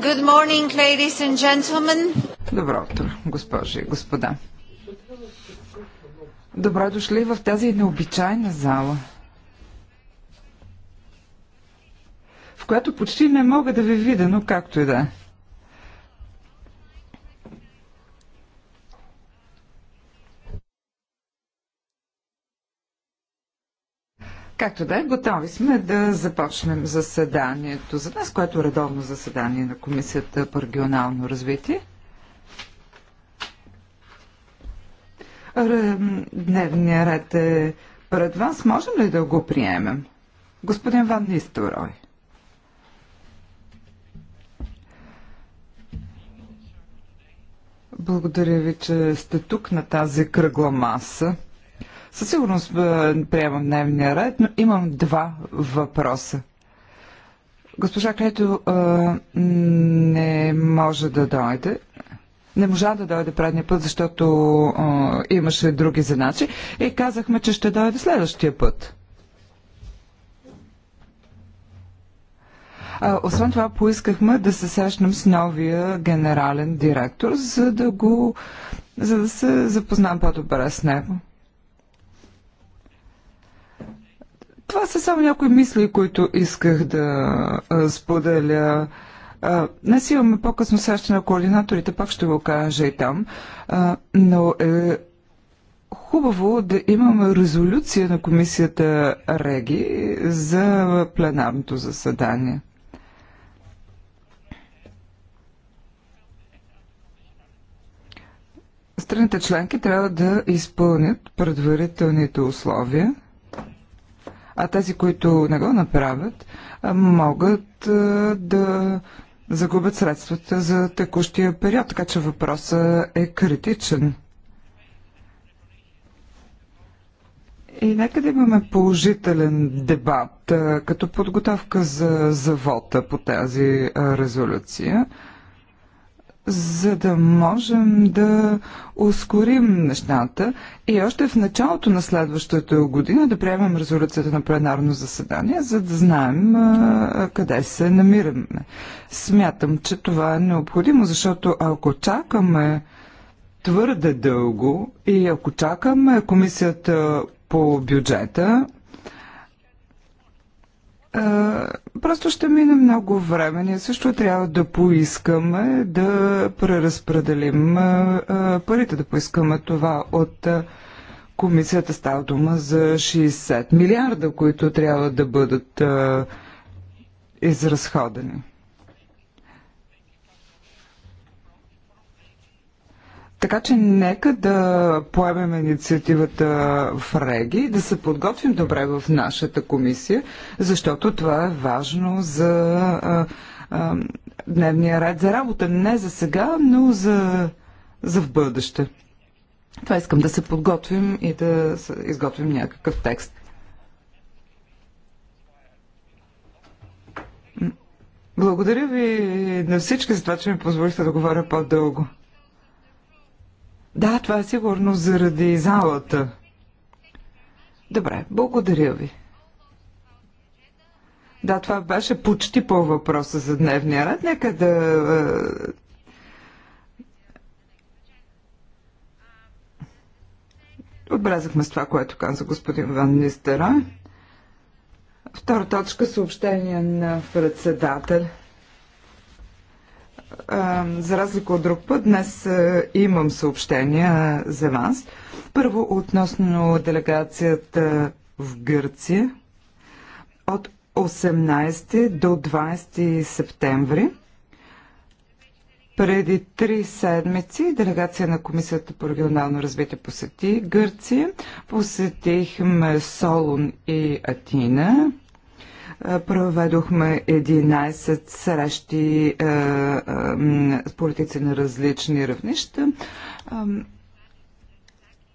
Good morning, ladies and gentlemen. Добро утро, госпожи и господа. Добре дошли в тази необичайна зала, в която почти не мога да ви видя, но както и да е. Както да е, готови сме да започнем заседанието за нас, което е редовно заседание на Комисията по регионално развитие. Дневния ред е пред вас. Можем ли да го приемем? Господин Ван Нисторой. Благодаря ви, че сте тук на тази кръгла маса. Със сигурност е, приемам дневния ред, но имам два въпроса. Госпожа Клето е, не може да дойде. Не можа да дойде предния път, защото а, е, имаше други задачи. И казахме, че ще дойде следващия път. А, освен това, поискахме да се срещнем с новия генерален директор, за да го. за да се запознам по-добре с него. Това са само някои мисли, които исках да споделя. Днес имаме по-късно среща на координаторите, пак ще го кажа и там, но е хубаво да имаме резолюция на комисията Реги за пленарното заседание. Страните членки трябва да изпълнят предварителните условия а тези, които не го направят, могат да загубят средствата за текущия период, така че въпросът е критичен. И нека да имаме положителен дебат като подготовка за завода по тази резолюция за да можем да ускорим нещата и още в началото на следващата година да приемем резолюцията на пленарно заседание, за да знаем а, къде се намираме. Смятам, че това е необходимо, защото ако чакаме твърде дълго и ако чакаме комисията по бюджета, просто ще мине много време. Ние също трябва да поискаме да преразпределим парите, да поискаме това от комисията. Става дума за 60 милиарда, които трябва да бъдат изразходени. Така че нека да поемем инициативата в Реги, да се подготвим добре в нашата комисия, защото това е важно за а, а, дневния ред за работа. Не за сега, но за, за в бъдеще. Това искам да се подготвим и да изготвим някакъв текст. Благодаря ви на всички за това, че ми позволихте да говоря по-дълго. Да, това е сигурно заради залата. Добре, благодаря ви. Да, това беше почти по въпроса за дневния ред. Нека да... Е, отбелязахме с това, което каза господин Ван Нистера. Втора точка съобщение на председателя за разлика от друг път, днес имам съобщения за вас. Първо относно делегацията в Гърция от 18 до 20 септември. Преди три седмици делегация на Комисията по регионално развитие посети Гърция. Посетихме Солун и Атина. Проведохме 11 срещи е, е, с политици на различни равнища.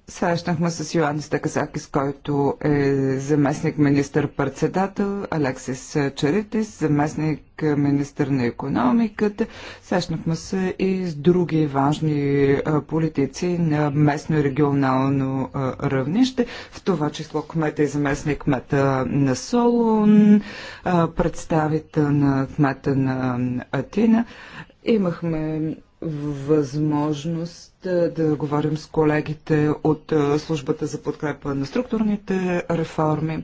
Срещнахме с Йоан Стаказакис, който е заместник министър-председател, Алексис Чаритис, заместник министър на економиката. Срещнахме се и с други важни политици на местно и регионално равнище, в това число кмета и заместник кмета на Солун, представител на кмета на Атина. Имахме възможност да говорим с колегите от е, службата за подкрепа на структурните реформи.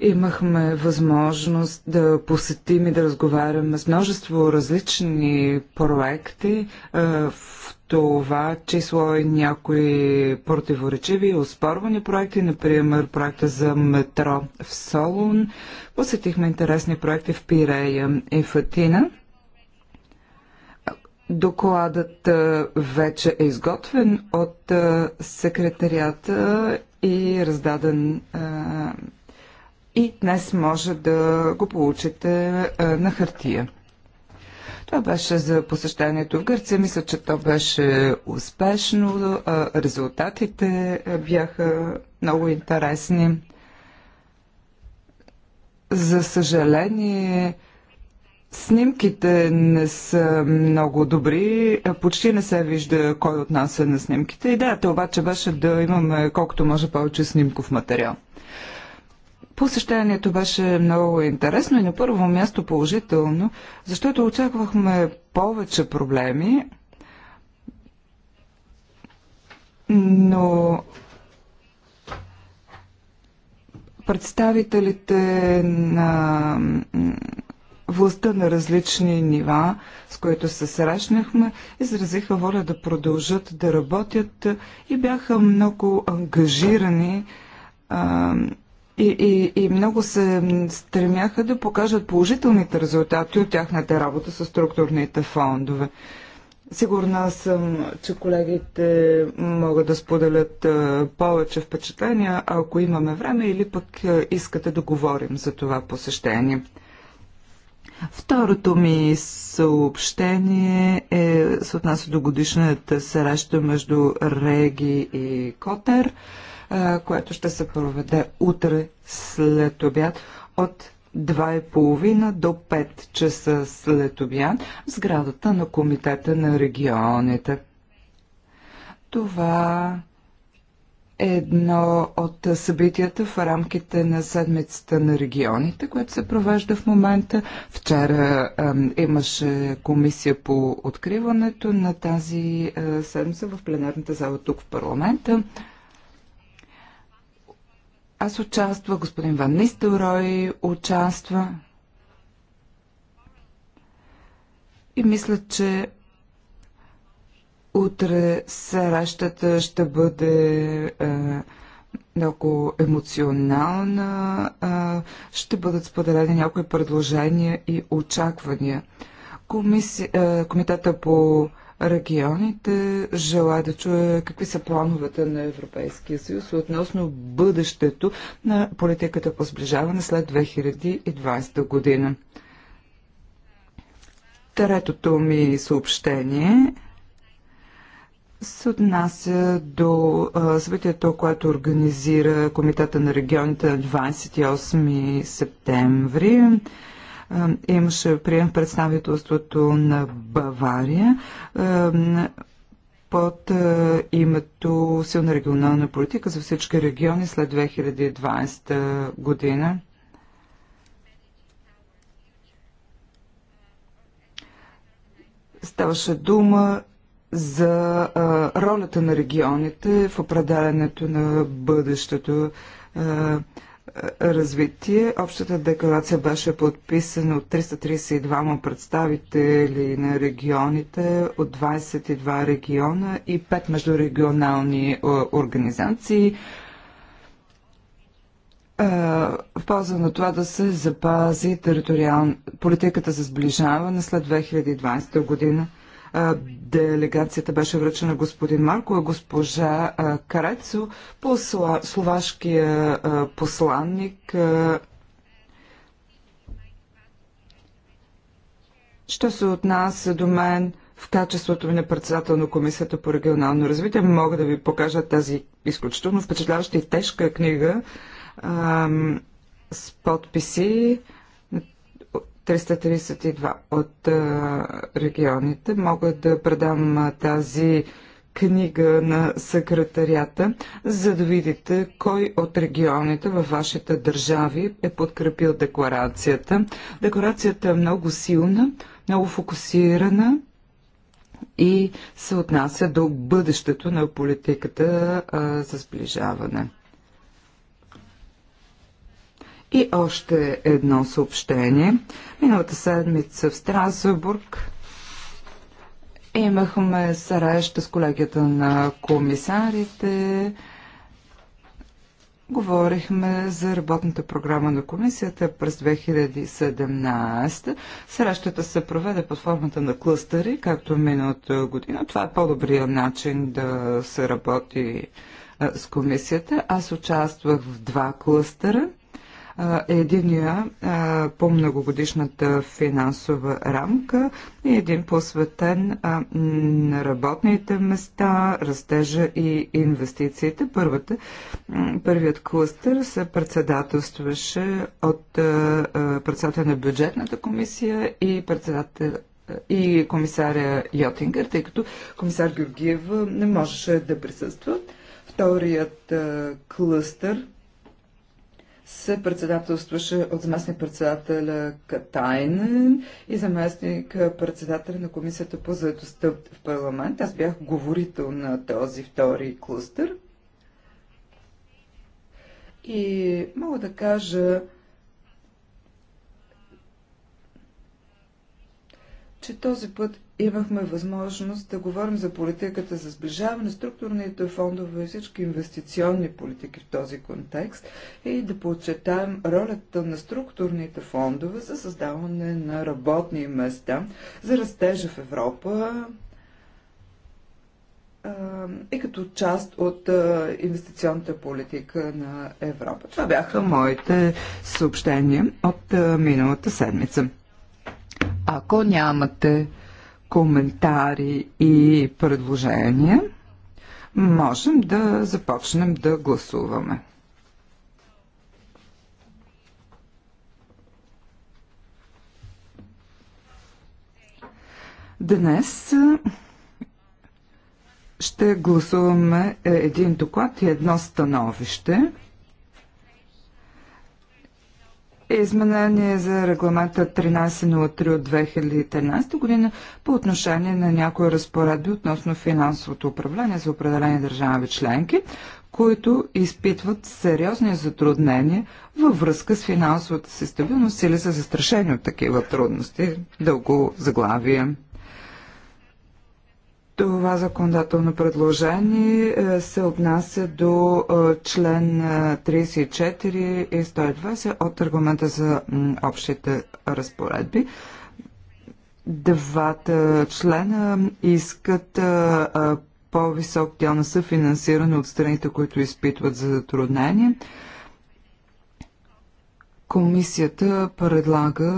Имахме възможност да посетим и да разговаряме с множество различни проекти, е, в това число и някои противоречиви и оспорвани проекти, например проекта за метро в Солун. Посетихме интересни проекти в Пирея и в Атина. Докладът вече е изготвен от секретарията и раздаден и днес може да го получите на хартия. Това беше за посещението в Гърция. Мисля, че то беше успешно. Резултатите бяха много интересни. За съжаление, Снимките не са много добри, почти не се вижда кой от нас е на снимките. Идеята обаче беше да имаме колкото може повече снимков материал. Посещението беше много интересно и на първо място положително, защото очаквахме повече проблеми, но представителите на властта на различни нива, с които се срещнахме, изразиха воля да продължат да работят и бяха много ангажирани а, и, и, и много се стремяха да покажат положителните резултати от тяхната работа с структурните фондове. Сигурна съм, че колегите могат да споделят повече впечатления, ако имаме време или пък искате да говорим за това посещение. Второто ми съобщение е, се отнася до годишната среща между Реги и Котер, която ще се проведе утре след обяд от 2.30 до 5 часа след обяд в сградата на Комитета на регионите. Това едно от събитията в рамките на седмицата на регионите, което се провежда в момента. Вчера а, имаше комисия по откриването на тази а, седмица в пленарната зала тук в парламента. Аз участва, господин Ван Нистелрой участва. И мисля, че Утре срещата ще бъде е, много емоционална. Е, ще бъдат споделени някои предложения и очаквания. Комиси, е, комитета по регионите желая да чуе какви са плановете на Европейския съюз относно бъдещето на политиката по сближаване след 2020 година. Третото ми съобщение – се отнася до събитието, което организира Комитета на регионите на 28 септември. А, имаше прием в представителството на Бавария а, под а, името Силна регионална политика за всички региони след 2020 година. Ставаше дума за а, ролята на регионите в определенето на бъдещето а, развитие. Общата декларация беше подписана от 332 представители на регионите от 22 региона и 5 междурегионални организации в полза на това да се запази териториал... политиката за сближаване след 2020 година. Делегацията беше връчена господин Марко, а госпожа Карецо, по словашкия посланник. Що се отнася до мен в качеството ми на председател на Комисията по регионално развитие, мога да ви покажа тази изключително впечатляваща и тежка книга с подписи. 332 от регионите. Мога да предам тази книга на секретарията, за да видите кой от регионите във вашите държави е подкрепил декларацията. Декларацията е много силна, много фокусирана и се отнася до бъдещето на политиката а, за сближаване. И още едно съобщение. Миналата седмица в Страсбург имахме среща с колегията на комисарите. Говорихме за работната програма на комисията през 2017. Срещата се проведе под формата на клъстъри, както миналата година. Това е по-добрият начин да се работи с комисията. Аз участвах в два клъстъра. Единия по многогодишната финансова рамка и един посветен на работните места, растежа и инвестициите. Първата, първият клъстър се председателстваше от председател на бюджетната комисия и председател и комисаря Йотингър, тъй като комисар Георгиев не можеше да присъства. Вторият клъстър се председателстваше от заместник-председателя Катайнен и заместник-председателя на Комисията по заедостта в парламент. Аз бях говорител на този втори клъстър. И мога да кажа, че този път имахме възможност да говорим за политиката за сближаване, структурните фондове и всички инвестиционни политики в този контекст и да подчетаем ролята на структурните фондове за създаване на работни места, за растежа в Европа и като част от инвестиционната политика на Европа. Това бяха моите съобщения от миналата седмица. Ако нямате коментари и предложения, можем да започнем да гласуваме. Днес ще гласуваме един доклад и едно становище изменение за регламента 1303 от 2013 година по отношение на някои разпоредби относно финансовото управление за определени държави членки, които изпитват сериозни затруднения във връзка с финансовата си стабилност или са застрашени от такива трудности. Дълго заглавие. Това законодателно предложение е, се отнася до е, член 34 е, и 120 от аргумента за общите разпоредби. Двата члена искат по-висок дял на съфинансиране от страните, които изпитват за затруднение. Комисията предлага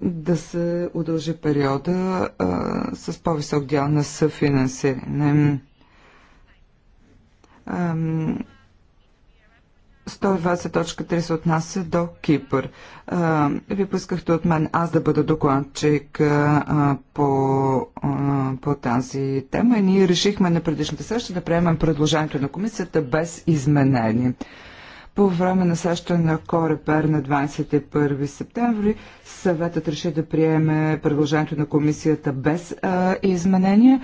да се удължи периода а, с по-висок дял на съфинансиране. 120.3 се отнася до Кипър. А, ви поискахте от мен аз да бъда докладчик а, по, а, по тази тема и ние решихме на предишната среща да приемем предложението на комисията без изменение. По време на среща на Корепер на 21 септември съветът реши да приеме предложението на комисията без а, изменения.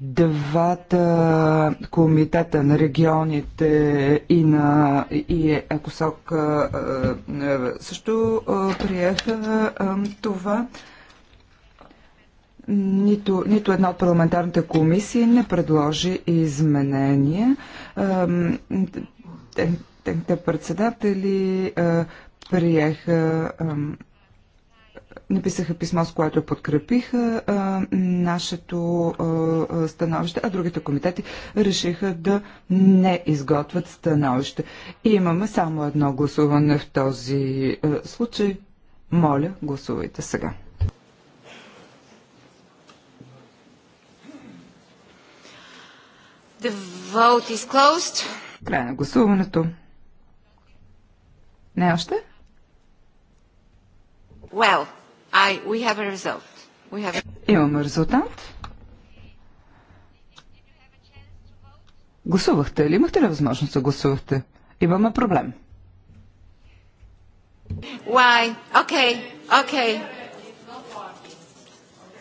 Двата комитета на регионите и на и ЕКОСОК също приеха това нито, нито една от парламентарните комисии не предложи изменения техните председатели приеха написаха писмо, с което подкрепиха а, нашето а, становище, а другите комитети решиха да не изготвят становище. И имаме само едно гласуване в този а, случай. Моля, гласувайте сега. The vote is closed. Край на гласуването. Не още? Well, I, we have a result. We have... Имаме резултат. Гласувахте ли? имахте ли възможност да гласувахте? Имаме проблем. Why? Okay, okay.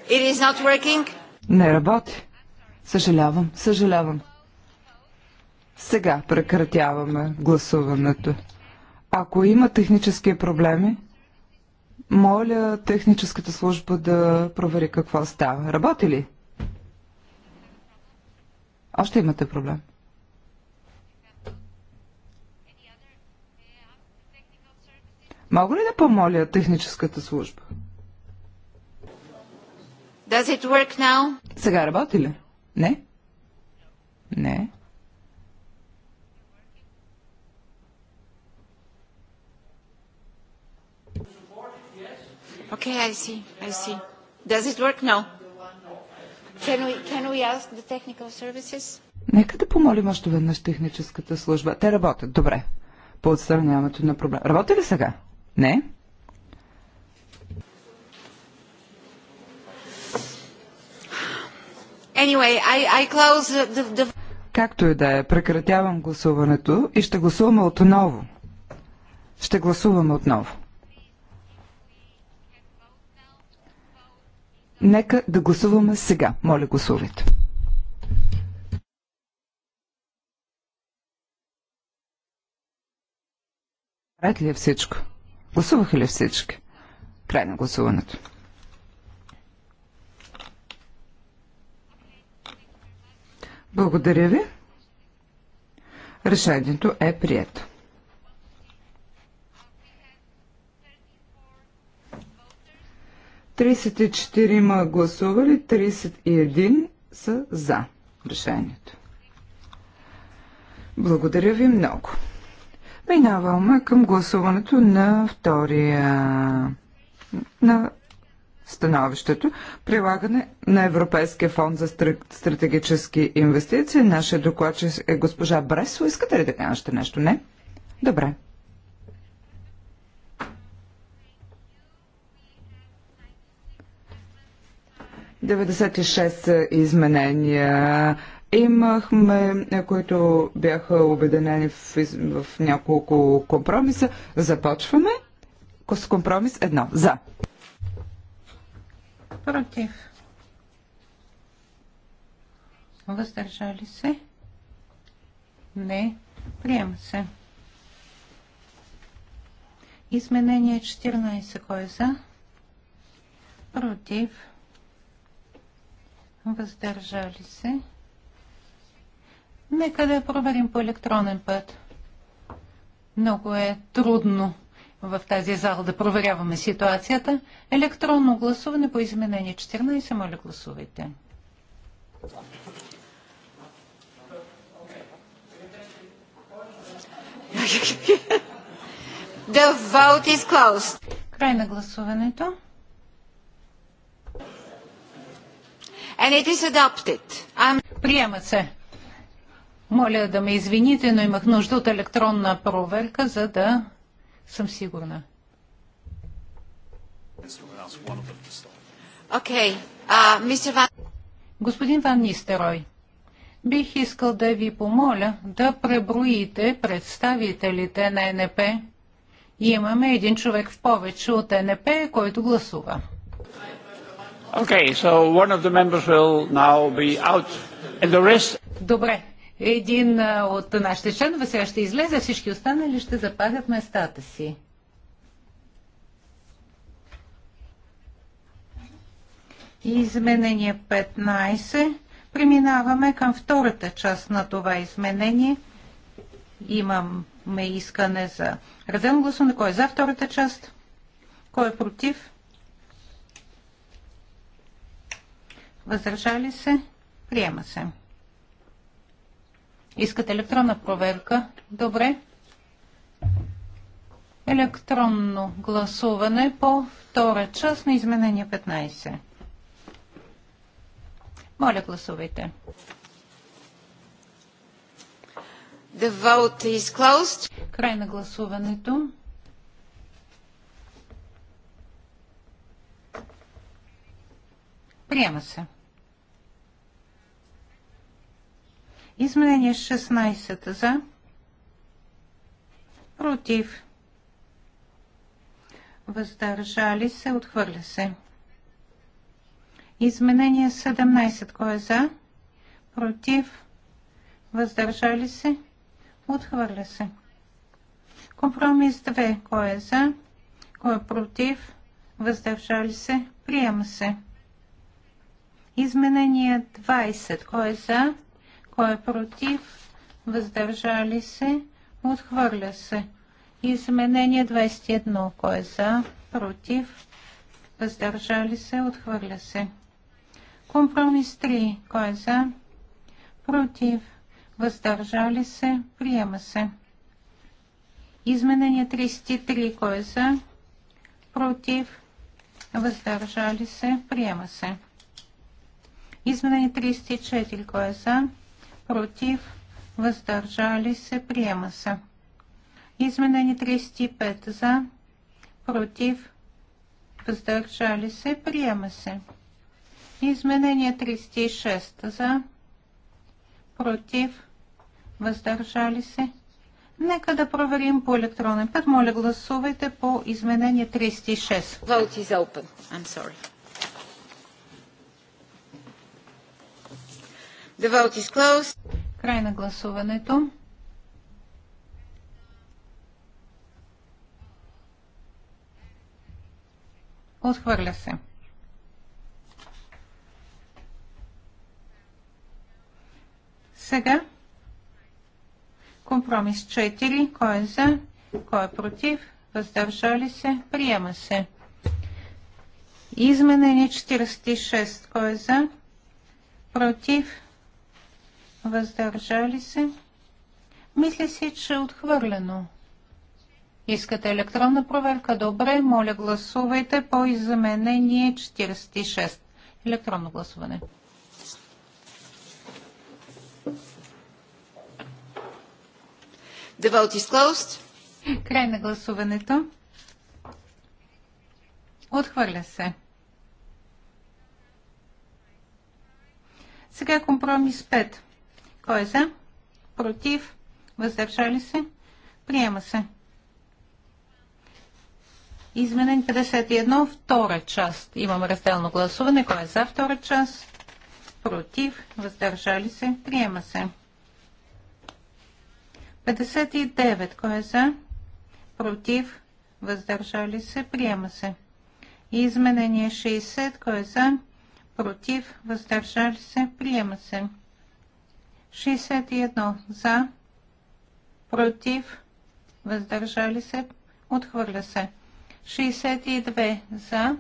It is not working. Не работи. Съжалявам, съжалявам. Сега прекратяваме гласуването. Ако има технически проблеми, моля техническата служба да провери какво става. Работи ли? Още имате проблем. Мога ли да помоля техническата служба? Does it work now? Сега работи ли? Не? Не. Okay, I see. I see. Does it work? No. Can we, can we ask the technical services? Нека да помолим още веднъж техническата служба. Те работят. Добре. По отстраняването на проблем. Работи ли сега? Не? Anyway, I, I close the, the... Както и да е, прекратявам гласуването и ще гласуваме отново. Ще гласуваме отново. Нека да гласуваме сега. Моля, гласувайте. Правят ли е всичко? Гласуваха ли всички? Край на гласуването. Благодаря ви. Решението е прието. 34 има гласували, 31 са за решението. Благодаря ви много. Минаваме към гласуването на втория на становището. Прилагане на Европейския фонд за стратегически инвестиции. Нашия докладчик е госпожа Бресо. Искате ли да кажете нещо? Не? Добре. 96 изменения имахме, които бяха обединени в, в няколко компромиса. Започваме с компромис едно. За. Против. Въздържали се? Не. Приема се. Изменение 14. Кой е за? Против въздържали се. Нека да проверим по електронен път. Много е трудно в тази зала да проверяваме ситуацията. Електронно гласуване по изменение 14. Моля, гласувайте. The vote is closed. Край на гласуването. And it is adopted. I'm... Приема се. Моля да ме извините, но имах нужда от електронна проверка, за да съм сигурна. Okay. Uh, Van... Господин Ван Нистерой, бих искал да ви помоля да преброите представителите на НП. Имаме един човек в повече от НП, който гласува. Okay, so one of the members will now be out. And the rest... Добре. Един от нашите членове сега ще излезе, всички останали ще запазят местата си. Изменение 15. Преминаваме към втората част на това изменение. Имаме искане за разделно гласуване. Кой е за втората част? Кой е против? Въздържали се? Приема се. Искате електронна проверка? Добре. Електронно гласуване по втора част на изменение 15. Моля, гласувайте. The vote is closed. Край на гласуването. Приема се. Изменение 16 за. Против. Въздържали се. Отхвърля се. Изменение 17. Кой е за? Против. Въздържали се. Отхвърля се. Компромис 2. Кой е за? Кой е против? Въздържали се? Приема се. Изменение 20. Кой е за? Кой е против? Въздържали се? Отхвърля се. Изменение 21. Кой е за? Против? Въздържали се? Отхвърля се. Компромис 3. Кой е за? Против? Въздържали се? Приема се. Изменение 33. Кой е за? Против? Въздържали се? Приема се. Изменение 34. Кой е за? Против? против, въздържали се, приема се. Изменени 35 за, против, въздържали се, приема се. Изменение 36 за, против, въздържали се. Нека да проверим по електронен път. Моля, гласувайте по изменение 36. Vote is open. I'm sorry. The vote is closed. Край на гласуването. Отхвърля се. Сега компромис 4. Кой е за? Кой е против? Въздържали се? Приема се. Изменение 46. Кой е за? Против? въздържали се. Мисля си, че е отхвърлено. Искате електронна проверка? Добре, моля гласувайте по изменение 46. Електронно гласуване. Девалт изклауст. Край на гласуването. Отхвърля се. Сега компромис 5. Кой е за? Против? Въздържали се? Приема се. Изменен 51, втора част. Имам разделно гласуване. Кой е за втора част? Против? Въздържали се? Приема се. 59. Кой е за? Против? Въздържали се? Приема се. Изменение 60. Кой е за? Против? Въздържали се? Приема се. 61 за, против, въздържали се, отхвърля се. 62 за,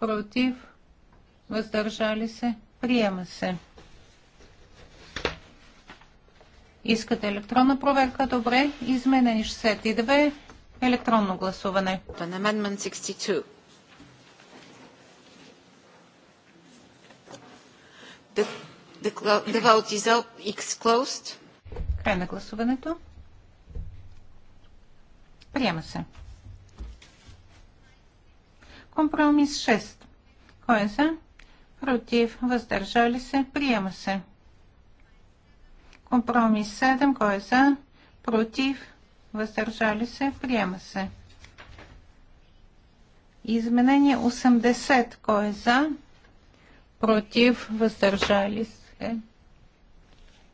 против, въздържали се, приема се. Искате електронна проверка? Добре. Изменени 62. Електронно гласуване. Amendment 62. The The vote is up. It's closed. Край на гласуването. Приема се. Компромис 6. Кой е за? Против. Въздържали се. Приема се. Компромис 7. Кой е за? Против. Въздържали се. Приема се. Изменение 80. Кой е за? Против. Въздържали се. Е,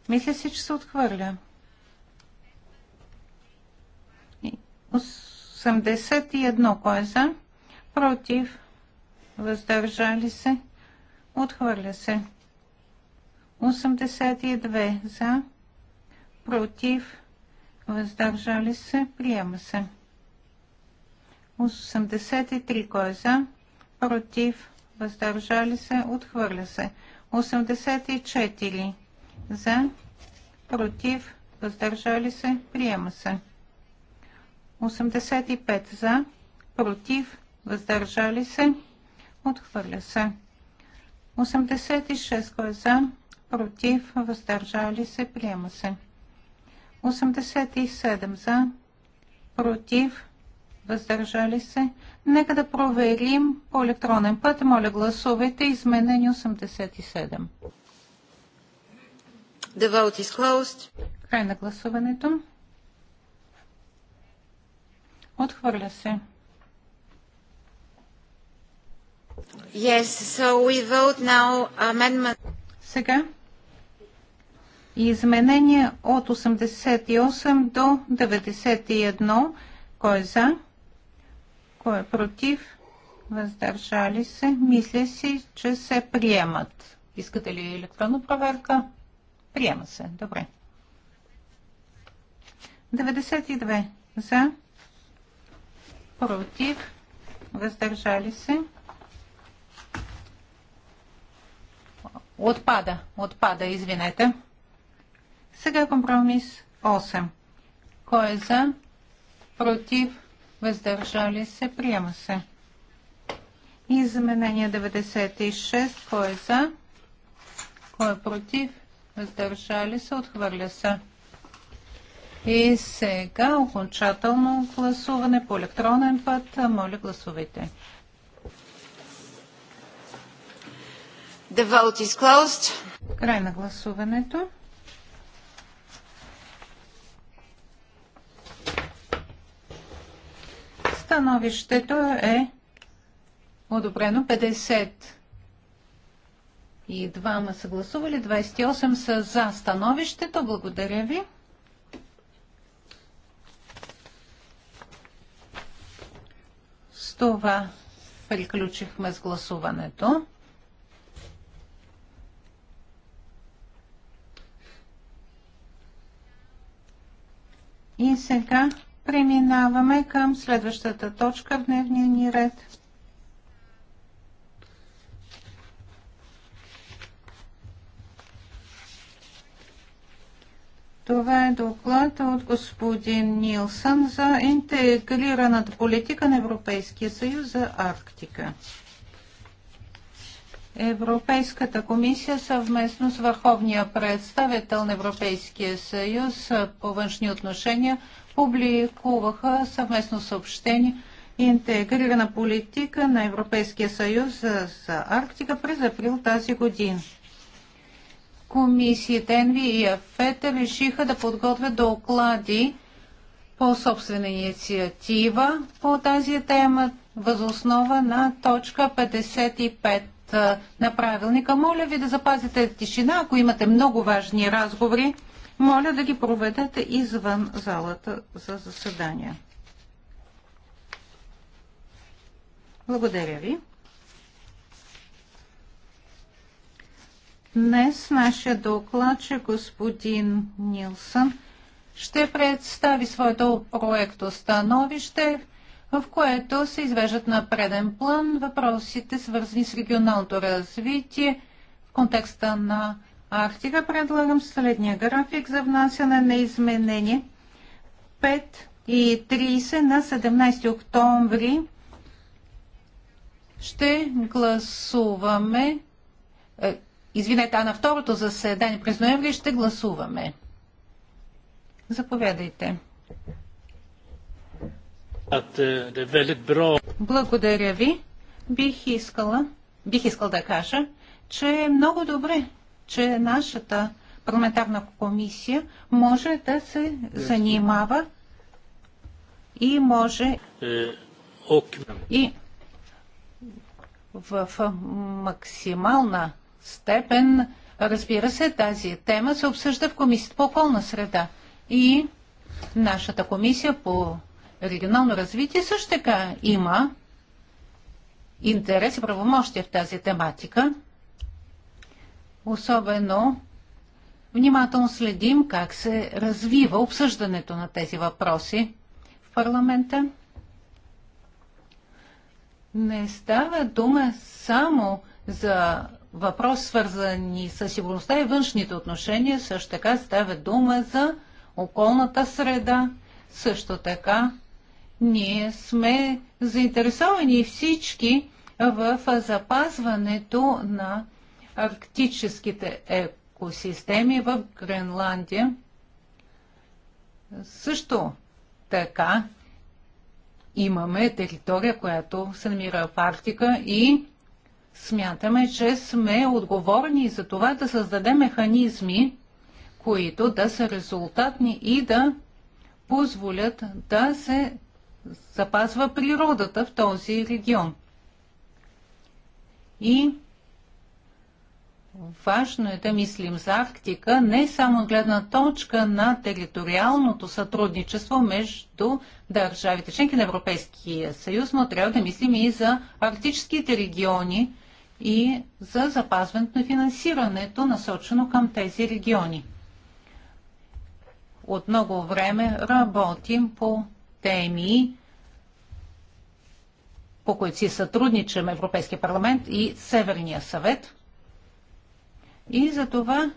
мисля си, че се отхвърля. 81. Кой е за? Против. Въздържали се. Отхвърля се. 82. За. Против. Въздържали се. Приема се. 83. Кой е за? Против. Въздържали се. Отхвърля се. 84 за, против, въздържали се, приема се. 85 за, против, въздържали се, отхвърля се. 86 кой е за, против, въздържали се, приема се. 87 за, против, въздържали се, Нека да проверим по електронен път. Моля, гласувайте изменение 87. The vote is closed. Край на гласуването. Отхвърля се. Yes, so we vote now amendment. Сега изменение от 88 до 91. Кой е за? Кой е против? Въздържали се. Мисля си, че се приемат. Искате ли електронна проверка? Приема се. Добре. 92 за, против, въздържали се. Отпада, отпада, извинете. Сега компромис 8. Кой е за, против, въздържали се, приема се. Изменение 96, кой е за, кой е против, въздържали се, отхвърля се. И сега окончателно гласуване по електронен път. Моля, гласувайте. The vote is closed. Край на гласуването. Становището е одобрено 50 и двама са гласували, 28 са за становището. Благодаря ви. С това приключихме с гласуването. И сега Преминаваме към следващата точка в дневния ни ред. Това е доклад от господин Нилсън за интегрираната политика на Европейския съюз за Арктика. Европейската комисия съвместно с върховния представител на Европейския съюз по външни отношения публикуваха съвместно съобщение Интегрирана политика на Европейския съюз за, Арктика през април тази година. Комисията ЕНВИ и АФЕТ решиха да подготвят доклади по собствена инициатива по тази тема възоснова на точка 55 на правилника. Моля ви да запазите тишина, ако имате много важни разговори моля да ги проведете извън залата за заседания. Благодаря ви. Днес нашия докладчик господин Нилсън ще представи своето проекто становище, в което се извеждат на преден план въпросите, свързани с регионалното развитие в контекста на Арктика предлагам следния график за внасяне на изменение 5 и 30 на 17 октомври ще гласуваме е, Извинете, а на второто заседание през ноември ще гласуваме. Заповядайте. Е, Благодаря ви. Бих искала, бих искал да кажа, че е много добре, че нашата парламентарна комисия може да се занимава и може е, и в максимална степен, разбира се, тази тема се обсъжда в комисията по околна среда. И нашата комисия по регионално развитие също така има интерес и правомощия в тази тематика. Особено внимателно следим как се развива обсъждането на тези въпроси в парламента. Не става дума само за въпрос, свързани с сигурността и външните отношения. Също така става дума за околната среда. Също така ние сме заинтересовани всички в запазването на арктическите екосистеми в Гренландия. Също така имаме територия, която се намира в Арктика и смятаме, че сме отговорни за това да създадем механизми, които да са резултатни и да позволят да се запазва природата в този регион. И Важно е да мислим за Арктика не само гледна точка на териториалното сътрудничество между държавите членки на Европейския съюз, но трябва да мислим и за арктическите региони и за запазването на финансирането, насочено към тези региони. От много време работим по теми, по които си сътрудничам Европейския парламент и Северния съвет – и за това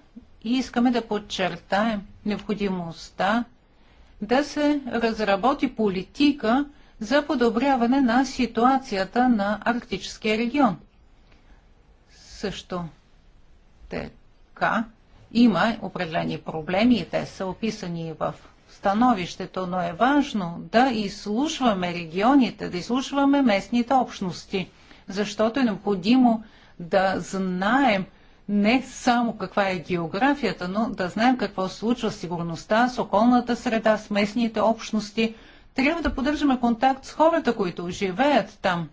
искаме да подчертаем необходимостта да се разработи политика за подобряване на ситуацията на Арктическия регион. Също така има определени проблеми и те са описани в становището, но е важно да изслушваме регионите, да изслушваме местните общности, защото е необходимо да знаем не само каква е географията, но да знаем какво случва с сигурността, с околната среда, с местните общности. Трябва да поддържаме контакт с хората, които живеят там.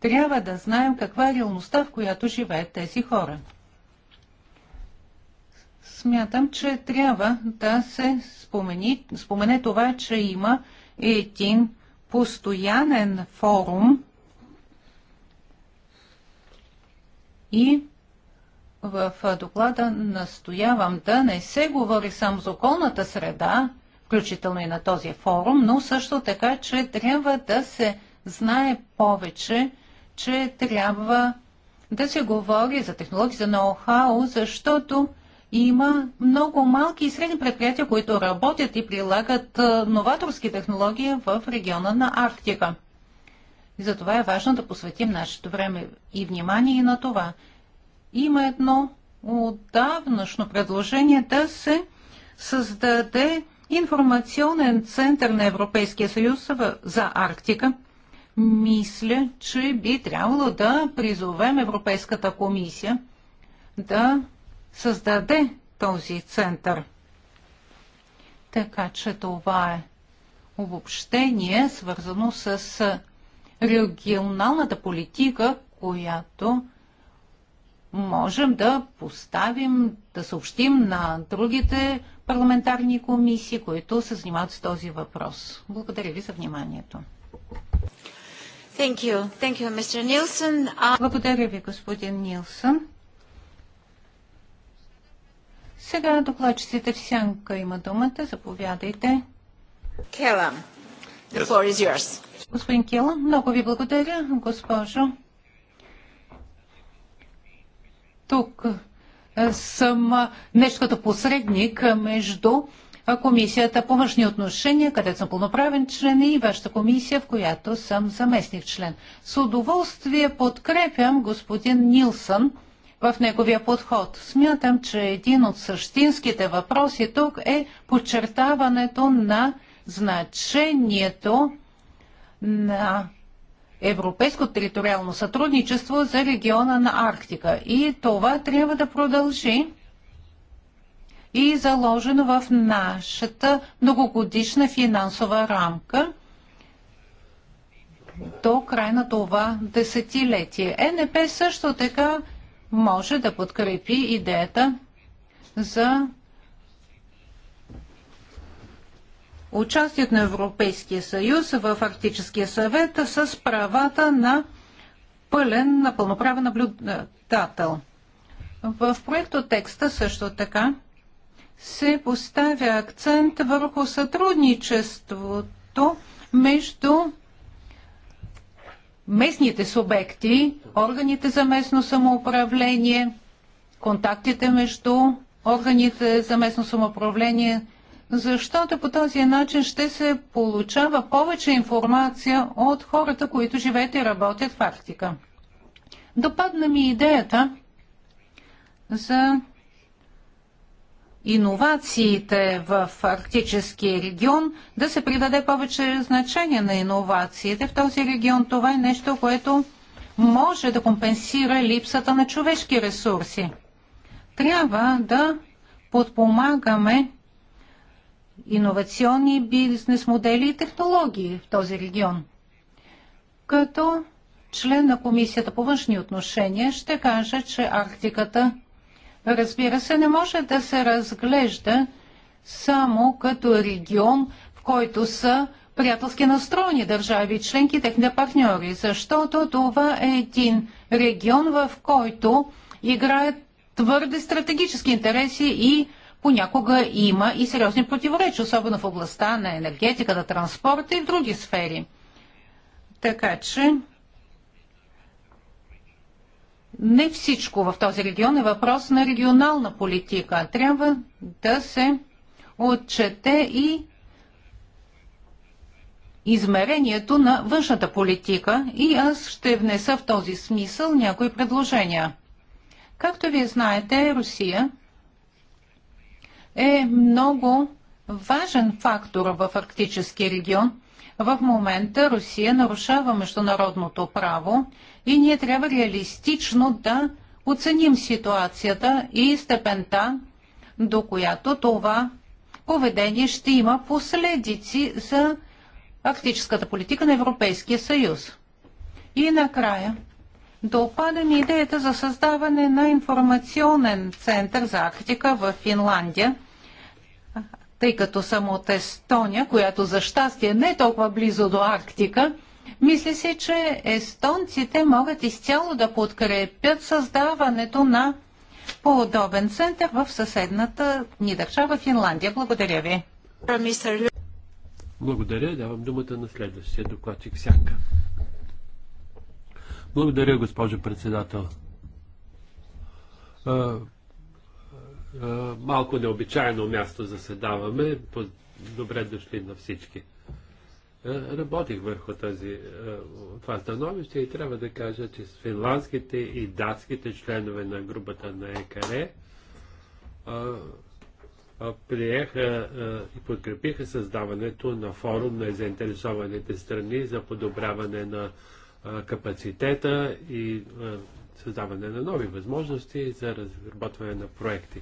Трябва да знаем каква е реалността, в която живеят тези хора. Смятам, че трябва да се спомени, спомене това, че има един постоянен форум и в доклада настоявам да не се говори само за околната среда, включително и на този форум, но също така, че трябва да се знае повече, че трябва да се говори за технологии, за ноу-хау, защото има много малки и средни предприятия, които работят и прилагат новаторски технологии в региона на Арктика. И затова е важно да посветим нашето време и внимание и на това има едно отдавнашно предложение да се създаде информационен център на Европейския съюз за Арктика. Мисля, че би трябвало да призовем Европейската комисия да създаде този център. Така че това е обобщение, свързано с регионалната политика, която можем да поставим, да съобщим на другите парламентарни комисии, които се занимават с този въпрос. Благодаря ви за вниманието. Thank you. Thank you, Благодаря ви, господин Нилсън. Сега докладчиците в сянка има думата. Заповядайте. Келам, the floor is yours. Господин Келам, много ви благодаря, госпожо тук е, съм е, нещо като посредник е, между Комисията по външни отношения, където съм пълноправен член и вашата комисия, в която съм заместник член. С удоволствие подкрепям господин Нилсън в неговия подход. Смятам, че един от същинските въпроси тук е подчертаването на значението на европейско териториално сътрудничество за региона на Арктика. И това трябва да продължи и заложено в нашата многогодишна финансова рамка до край на това десетилетие. Е НП също така може да подкрепи идеята за участието на Европейския съюз в Арктическия съвет с правата на пълен, на пълноправен наблюдател. В проекто текста също така се поставя акцент върху сътрудничеството между местните субекти, органите за местно самоуправление, контактите между органите за местно самоуправление, защото по този начин ще се получава повече информация от хората, които живеят и работят в Арктика. Допадна ми идеята за иновациите в арктическия регион, да се придаде повече значение на иновациите в този регион. Това е нещо, което може да компенсира липсата на човешки ресурси. Трябва да подпомагаме иновационни бизнес модели и технологии в този регион. Като член на Комисията по външни отношения ще кажа, че Арктиката, разбира се, не може да се разглежда само като регион, в който са приятелски настроени държави, членки, техния партньори, защото това е един регион, в който играят твърде стратегически интереси и понякога има и сериозни противоречия, особено в областта на енергетиката, транспорта и в други сфери. Така че не всичко в този регион е въпрос на регионална политика. Трябва да се отчете и измерението на външната политика и аз ще внеса в този смисъл някои предложения. Както вие знаете, Русия е много важен фактор в арктически регион. В момента Русия нарушава международното право и ние трябва реалистично да оценим ситуацията и степента, до която това поведение ще има последици за арктическата политика на Европейския съюз. И накрая да опадаме идеята за създаване на информационен център за Арктика в Финландия – тъй като съм от Естония, която за щастие не е толкова близо до Арктика, мисля си, че естонците могат изцяло да подкрепят създаването на подобен център в съседната ни държава Финландия. Благодаря ви. Благодаря. Давам думата на следващия докладчик Сянка. Благодаря, госпожо председател малко необичайно място заседаваме. Добре дошли на всички. Работих върху тази, това становище и трябва да кажа, че финландските и датските членове на групата на ЕКР приеха и подкрепиха създаването на форум на заинтересованите страни за подобряване на капацитета и създаване на нови възможности за разработване на проекти.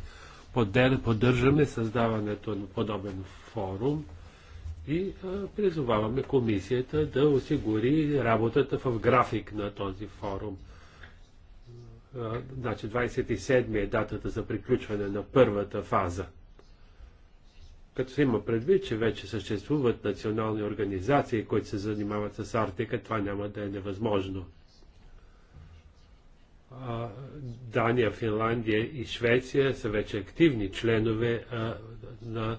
Поддържаме създаването на подобен форум и призоваваме комисията да осигури работата в график на този форум. Значи 27 е датата за приключване на първата фаза. Като се има предвид, че вече съществуват национални организации, които се занимават с Артика, това няма да е невъзможно. Дания, Финландия и Швеция са вече активни членове на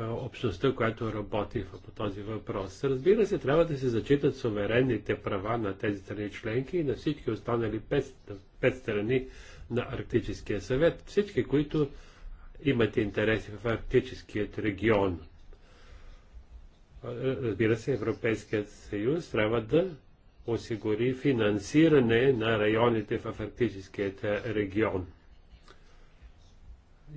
общността, която работи по този въпрос. Разбира се, трябва да се зачитат суверенните права на тези страни членки и на всички останали пет, пет страни на Арктическия съвет, всички, които имат интереси в Арктическият регион. Разбира се, Европейският съюз трябва да осигури финансиране на районите в Арктическият е, регион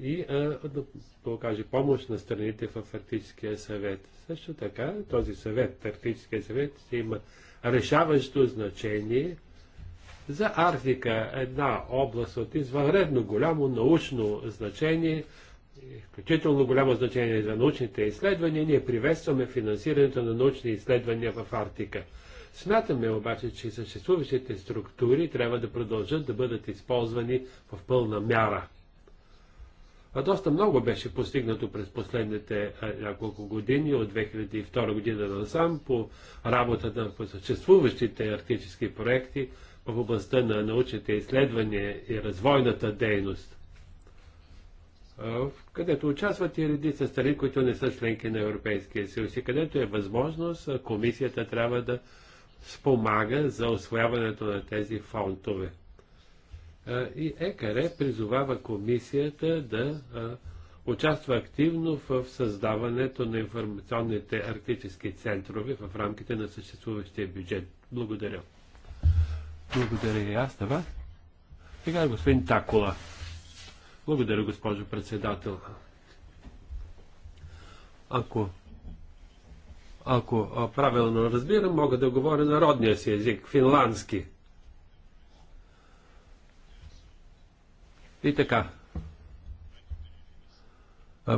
и а, е, да покаже помощ на страните в Арктическия съвет. Също така този съвет, Арктическия съвет, ще има решаващо значение за Арктика, една област от извънредно голямо научно значение, изключително голямо значение за научните изследвания. Ние приветстваме финансирането на научни изследвания в Арктика. Смятаме обаче, че съществуващите структури трябва да продължат да бъдат използвани в пълна мяра. А доста много беше постигнато през последните е, няколко години, от 2002 година насам, по работата по съществуващите арктически проекти в областта на научните изследвания и развойната дейност, където участват и редица страни, които не са членки на Европейския съюз и където е възможност комисията трябва да спомага за освояването на тези фонтове. И ЕКАРЕ призовава комисията да участва активно в създаването на информационните арктически центрове в рамките на съществуващия бюджет. Благодаря. Благодаря и аз на вас. Сега господин Такола. Благодаря, госпожо председател. Ако ако правилно разбирам, мога да говоря народния си език, финландски. И така.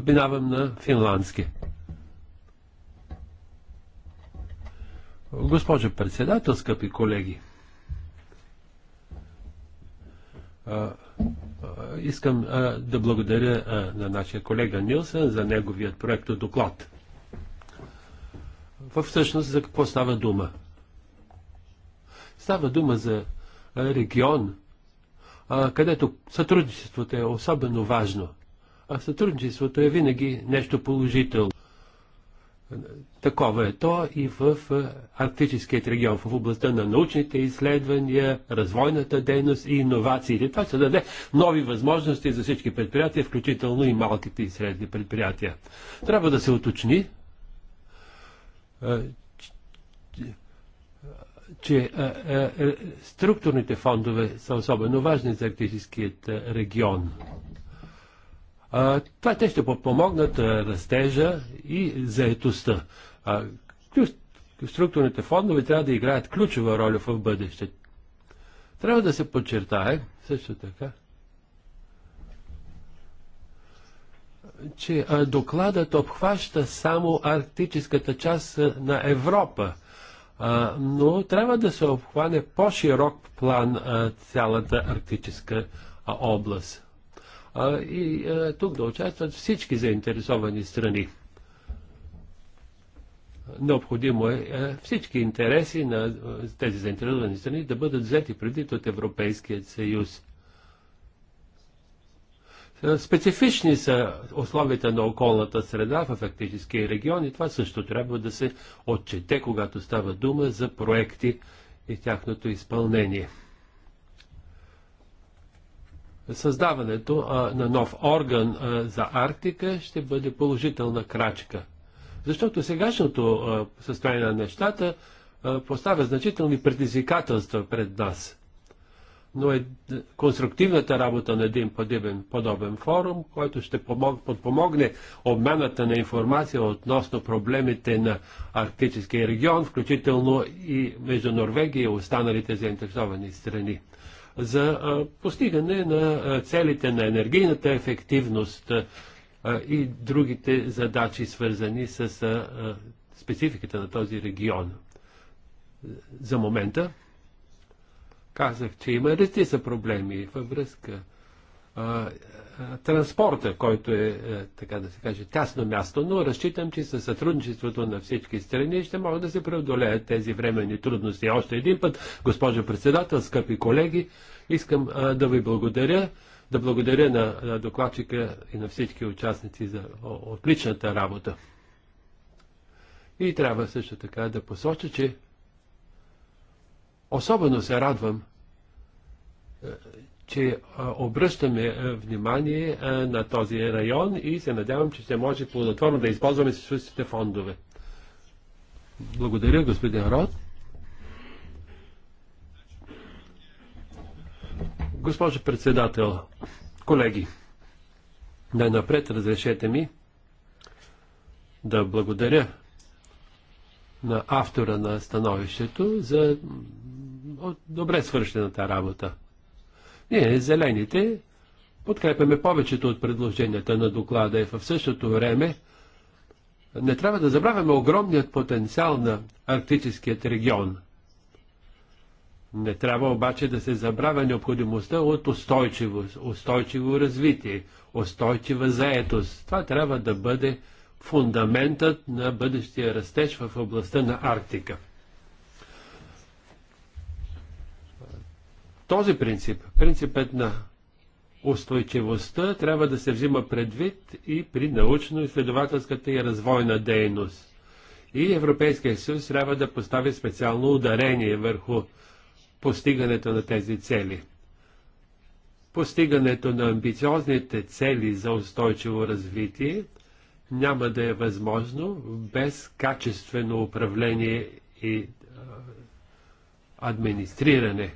бинавам на финландски. Госпожо председател, скъпи колеги, искам да благодаря на нашия колега Нилсен за неговият проект доклад всъщност за какво става дума? Става дума за регион, където сътрудничеството е особено важно. А сътрудничеството е винаги нещо положително. Такова е то и в арктическият регион, в областта на научните изследвания, развойната дейност и иновациите. Това ще даде нови възможности за всички предприятия, включително и малките и средни предприятия. Трябва да се уточни че структурните фондове са особено важни за арктическият регион. Това те ще помогнат растежа и заетостта. Структурните фондове трябва да играят ключова роля в бъдеще. Трябва да се подчертае също така, че докладът обхваща само арктическата част на Европа, но трябва да се обхване по-широк план цялата арктическа област. И тук да участват всички заинтересовани страни. Необходимо е всички интереси на тези заинтересовани страни да бъдат взети преди от Европейският съюз е, специфични са условията на околната среда в фактическия регион и това също трябва да се отчете, когато става дума за проекти и тяхното изпълнение. Създаването а, на нов орган а, за Арктика ще бъде положителна крачка, защото сегашното а, състояние на нещата поставя значителни предизвикателства пред нас – но е конструктивната работа на един подобен, подобен форум, който ще помог, подпомогне обмяната на информация относно проблемите на Арктическия регион, включително и между Норвегия и останалите заинтересовани страни за а, постигане на целите на енергийната ефективност а, и другите задачи, свързани с а, спецификата на този регион. За момента Казах, че има редица проблеми във връзка. А, а, транспорта, който е, а, е, така да се каже, тясно място, но разчитам, че със сътрудничеството на всички страни ще могат да се преодолеят тези временни трудности. Още един път, госпожо председател, скъпи колеги, искам да ви благодаря, да благодаря на, на докладчика и на всички участници за отличната работа. И трябва също така да посоча, че особено се радвам, че обръщаме внимание на този район и се надявам, че ще може плодотворно да използваме същите фондове. Благодаря, господин Род. Госпожо председател, колеги, най-напред разрешете ми да благодаря на автора на становището за добре свършената работа. Ние, зелените, подкрепяме повечето от предложенията на доклада и в същото време не трябва да забравяме огромният потенциал на арктическият регион. Не трябва обаче да се забравя необходимостта от устойчивост, устойчиво развитие, устойчива заетост. Това трябва да бъде фундаментът на бъдещия растеж в областта на Арктика. Този принцип, принципът на устойчивостта, трябва да се взима предвид и при научно-изследователската и развойна дейност. И Европейския съюз трябва да постави специално ударение върху постигането на тези цели. Постигането на амбициозните цели за устойчиво развитие няма да е възможно без качествено управление и администриране.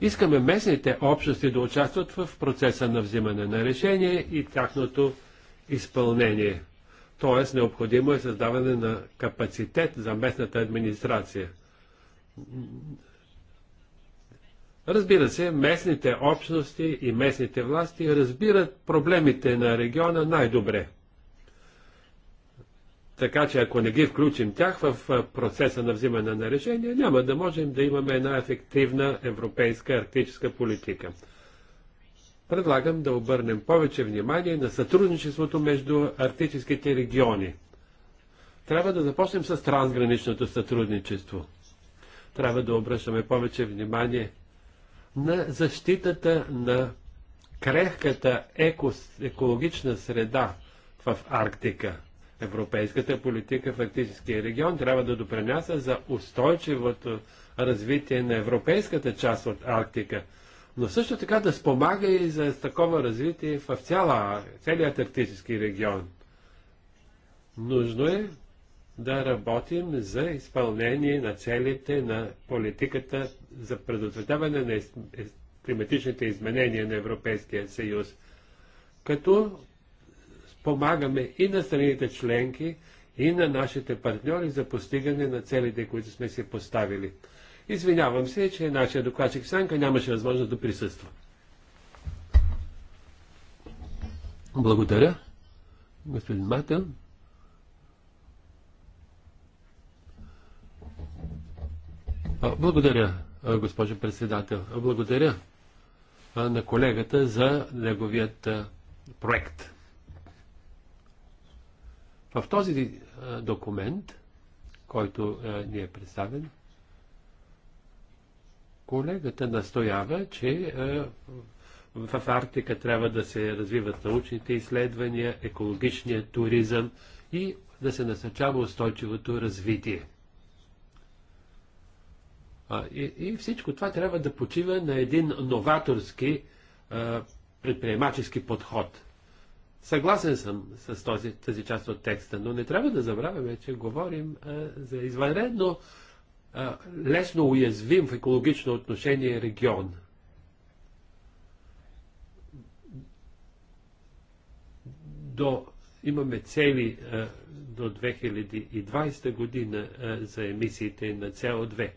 Искаме местните общности да участват в процеса на взимане на решение и тяхното изпълнение. Тоест, необходимо е създаване на капацитет за местната администрация. Разбира се, местните общности и местните власти разбират проблемите на региона най-добре. Така че ако не ги включим тях в процеса на взимане на решение, няма да можем да имаме една ефективна европейска арктическа политика. Предлагам да обърнем повече внимание на сътрудничеството между арктическите региони. Трябва да започнем с трансграничното сътрудничество. Трябва да обръщаме повече внимание на защитата на крехката еко, екологична среда в Арктика – Европейската политика в Арктическия регион трябва да допреняса за устойчивото развитие на европейската част от Арктика, но също така да спомага и за такова развитие в цяла, целият арктически регион. Нужно е да работим за изпълнение на целите на политиката за предотвратяване на климатичните изменения на Европейския съюз, като помагаме и на страните членки, и на нашите партньори за постигане на целите, които сме си поставили. Извинявам се, че нашия докладчик Санка нямаше възможност да присъства. Благодаря, господин Мател. Благодаря, госпожо председател. Благодаря на колегата за неговият проект. В този е, документ, който е, ни е представен, колегата настоява, че е, в Арктика трябва да се развиват научните изследвания, екологичният туризъм и да се насърчава устойчивото развитие. А, и, и всичко това трябва да почива на един новаторски а, предприемачески подход. Съгласен съм с този, тази част от текста, но не трябва да забравяме, че говорим а, за извънредно а, лесно уязвим в екологично отношение регион. До, имаме цели а, до 2020 година а, за емисиите на CO2.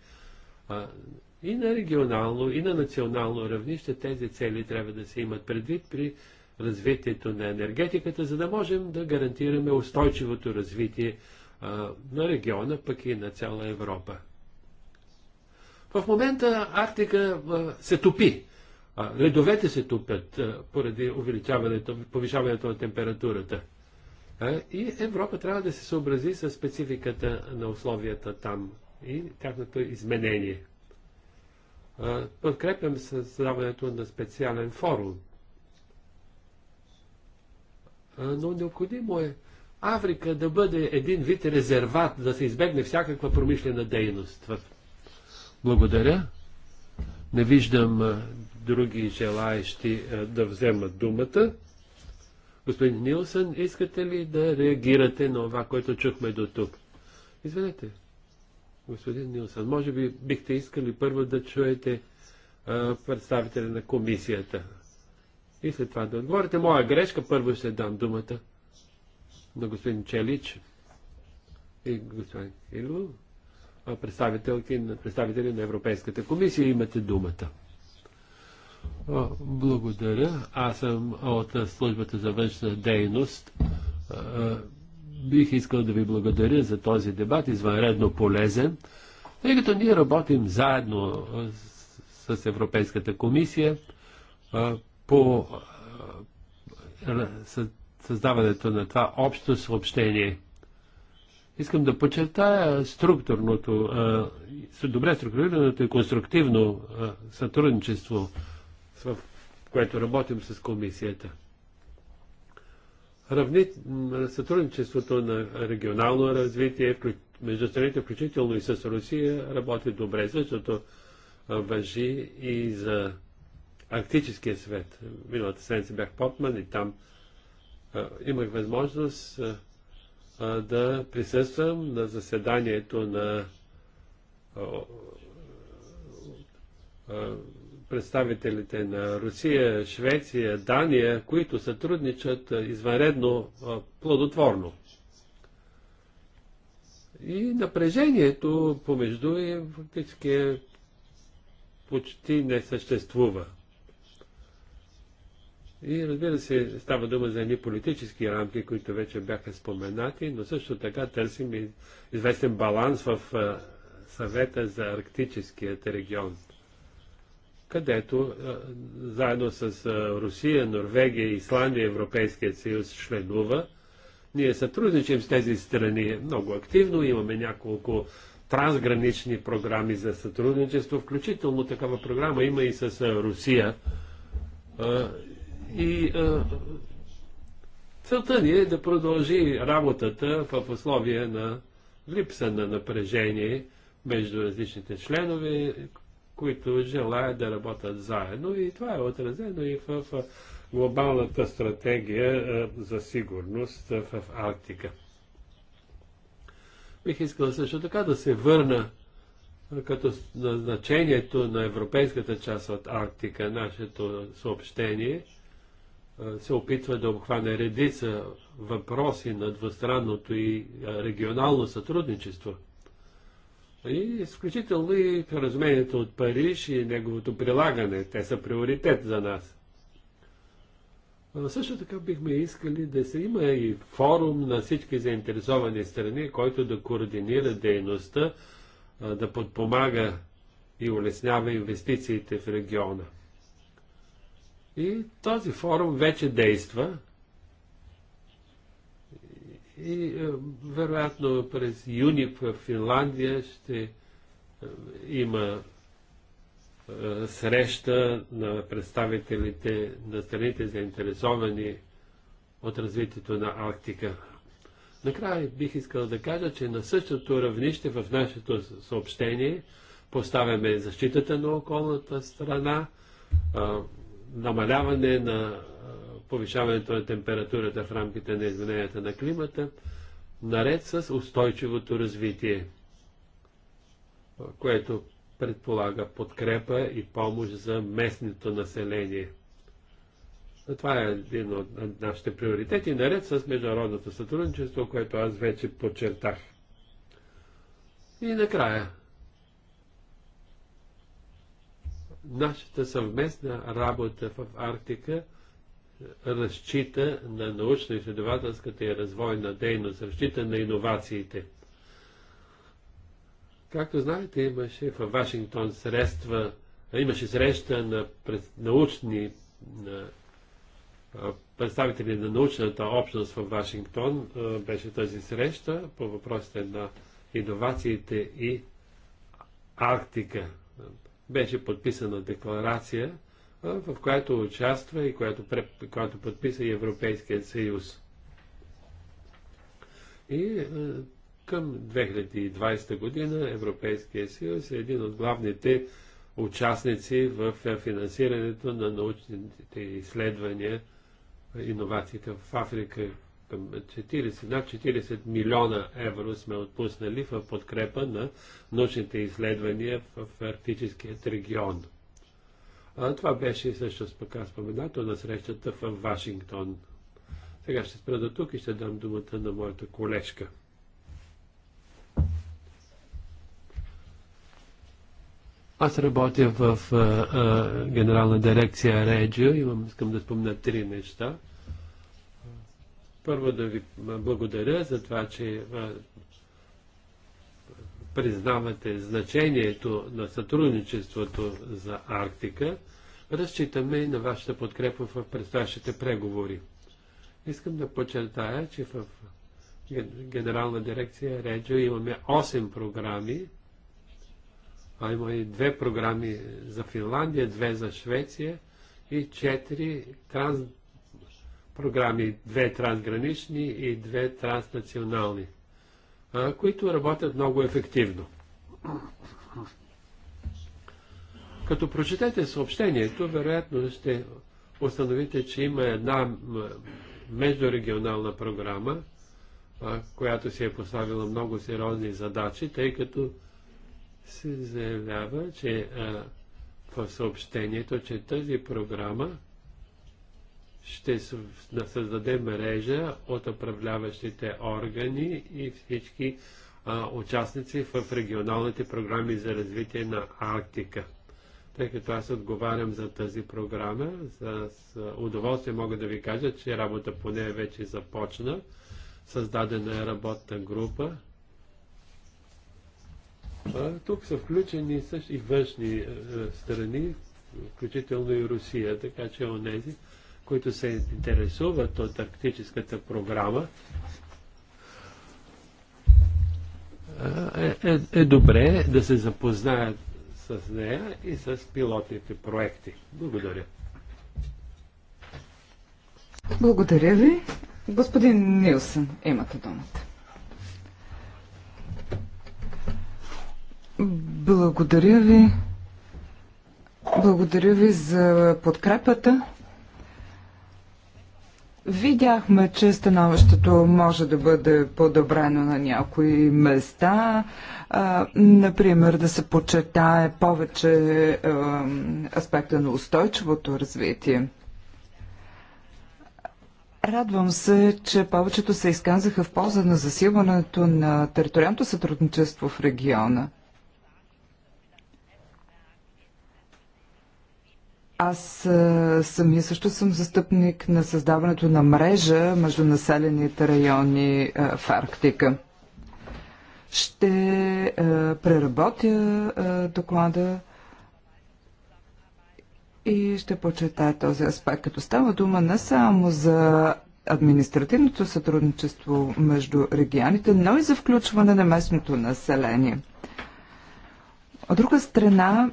А, и на регионално, и на национално равнище тези цели трябва да се имат предвид при развитието на енергетиката, за да можем да гарантираме устойчивото развитие а, на региона, пък и на цяла Европа. В момента Арктика а, се топи. А, ледовете се топят поради увеличаването, повишаването на температурата. И Европа трябва да се съобрази с спецификата на условията там и тяхното изменение. Подкрепям създаването на специален форум но необходимо е Африка да бъде един вид резерват, да се избегне всякаква промишлена дейност. Благодаря. Не виждам други желаещи да вземат думата. Господин Нилсън, искате ли да реагирате на това, което чухме до тук? Извинете, господин Нилсън, може би бихте искали първо да чуете представителя на комисията и след това да отговорите. Моя грешка, първо ще дам думата на господин Челич и господин Ирло, представителки на представители на Европейската комисия. Имате думата. Благодаря. Аз съм от службата за външна дейност. Бих искал да ви благодаря за този дебат, извънредно полезен, тъй като ние работим заедно с Европейската комисия по създаването на това общо съобщение. Искам да подчертая структурното, добре структурираното и конструктивно сътрудничество, в което работим с комисията. Равни, сътрудничеството на регионално развитие между страните, включително и с Русия, работи добре, защото въжи и за Арктическия свет. Миналата седмица бях Портман и там а, имах възможност а, а, да присъствам на заседанието на а, а, представителите на Русия, Швеция, Дания, които сътрудничат извънредно а, плодотворно. И напрежението помежду е фактически почти не съществува. И разбира се, става дума за едни политически рамки, които вече бяха споменати, но също така търсим и известен баланс в съвета за арктическият регион, където заедно с Русия, Норвегия, Исландия, Европейският съюз членува. Ние сътрудничим с тези страни много активно, имаме няколко трансгранични програми за сътрудничество, включително такава програма има и с Русия и а, целта ни е да продължи работата в условия на липса на напрежение между различните членове, които желаят да работят заедно. И това е отразено и в, в глобалната стратегия а, за сигурност в Арктика. Бих искал също така да се върна като значението на европейската част от Арктика, нашето съобщение – се опитва да обхване редица въпроси на двустранното и регионално сътрудничество. И изключително и разумението от Париж и неговото прилагане. Те са приоритет за нас. Но също така бихме искали да се има и форум на всички заинтересовани страни, който да координира дейността, да подпомага и улеснява инвестициите в региона. И този форум вече действа. И е, вероятно през юни в Финландия ще е, има е, среща на представителите на страните заинтересовани от развитието на Арктика. Накрая бих искал да кажа, че на същото равнище в нашето съобщение поставяме защитата на околната страна, намаляване на повишаването на температурата в рамките на измененията на климата, наред с устойчивото развитие, което предполага подкрепа и помощ за местното население. Това е един от нашите приоритети, наред с международното сътрудничество, което аз вече подчертах. И накрая, Нашата съвместна работа в Арктика е, разчита на научно-изследователската и развойна дейност, разчита на иновациите. Както знаете, имаше в Вашингтон средства, имаше среща на научни на, представители на научната общност в Вашингтон. Беше тази среща по въпросите на иновациите и Арктика беше подписана декларация, в която участва и която, която подписа и Европейския съюз. И към 2020 година Европейския съюз е един от главните участници в финансирането на научните изследвания, иновациите в Африка, 40, над 40 милиона евро сме отпуснали в подкрепа на научните изследвания в Арктическият регион. А, това беше също така споменато на срещата в Вашингтон. Сега ще спра до тук и ще дам думата на моята колежка. Аз работя в а, а, генерална дирекция Реджио. Имам, искам да спомня три неща. Първо да ви благодаря за това, че признавате значението на сътрудничеството за Арктика. Разчитаме и на вашата подкрепа в предстоящите преговори. Искам да подчертая, че в Генерална дирекция Реджо имаме 8 програми, а има и две програми за Финландия, две за Швеция и четири транс програми, две трансгранични и две транснационални, които работят много ефективно. Като прочетете съобщението, вероятно ще установите, че има една междурегионална програма, която си е поставила много сериозни задачи, тъй като се заявява, че в съобщението, че тази програма ще създаде мрежа от управляващите органи и всички а, участници в регионалните програми за развитие на Арктика. Тъй като аз отговарям за тази програма, с удоволствие мога да ви кажа, че работа по нея вече започна. Създадена е работна група. А, тук са включени също и външни а, страни, включително и Русия, така че онези, които се интересуват от тактическата програма, е, е, е добре да се запознаят с нея и с пилотните проекти. Благодаря. Благодаря ви. Господин Нилсън, имате думата. Благодаря ви. Благодаря ви за подкрепата. Видяхме, че становището може да бъде подобрено на някои места, а, например да се почетае повече а, аспекта на устойчивото развитие. Радвам се, че повечето се изказаха в полза на засилването на териториалното сътрудничество в региона – Аз е, самия също съм застъпник на създаването на мрежа между населените райони е, в Арктика. Ще е, преработя доклада и ще почетая този аспект, като става дума не само за административното сътрудничество между регионите, но и за включване на местното население. От друга страна,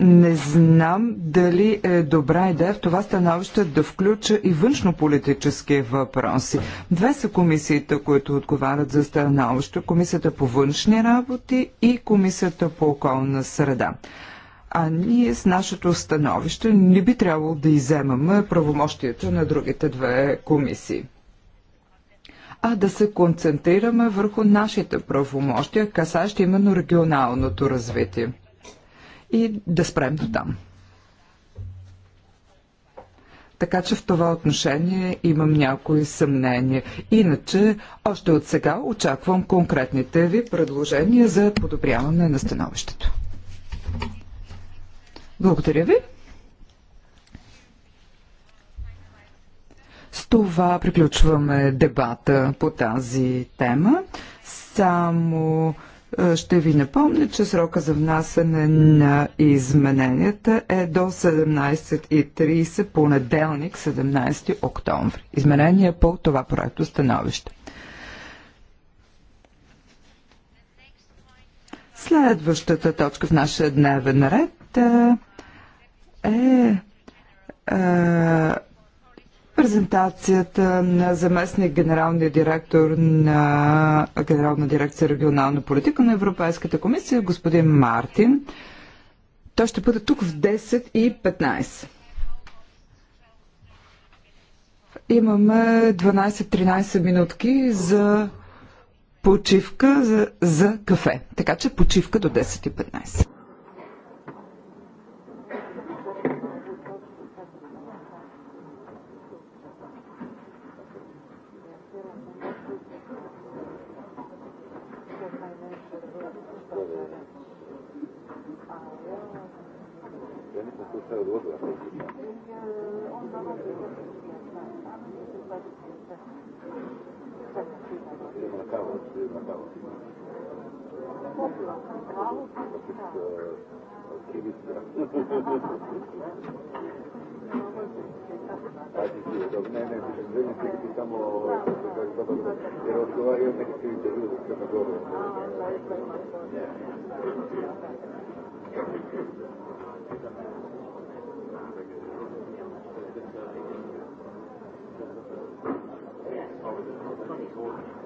не знам дали е добра идея в това становище да включа и външнополитически въпроси. Две са комисиите, които отговарят за становище. Комисията по външни работи и Комисията по околна среда. А ние с нашето становище не би трябвало да иземаме правомощията на другите две комисии а да се концентрираме върху нашите правомощия, касащи именно регионалното развитие и да спрем до там. Така че в това отношение имам някои съмнения. Иначе, още от сега очаквам конкретните ви предложения за подобряване на становището. Благодаря ви. С това приключваме дебата по тази тема. Само е, ще ви напомня, че срока за внасяне на измененията е до 17.30 понеделник, 17 октомври. Изменения по това проекто становище. Следващата точка в нашия дневен ред е, е, е презентацията на заместник генералния директор на Генерална дирекция регионална политика на Европейската комисия, господин Мартин. Той ще бъде тук в 10 и 15. Имаме 12-13 минутки за почивка за, за кафе. Така че почивка до 10 и 15. odbora. Idemo na kavu, 24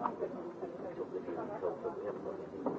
Thank you.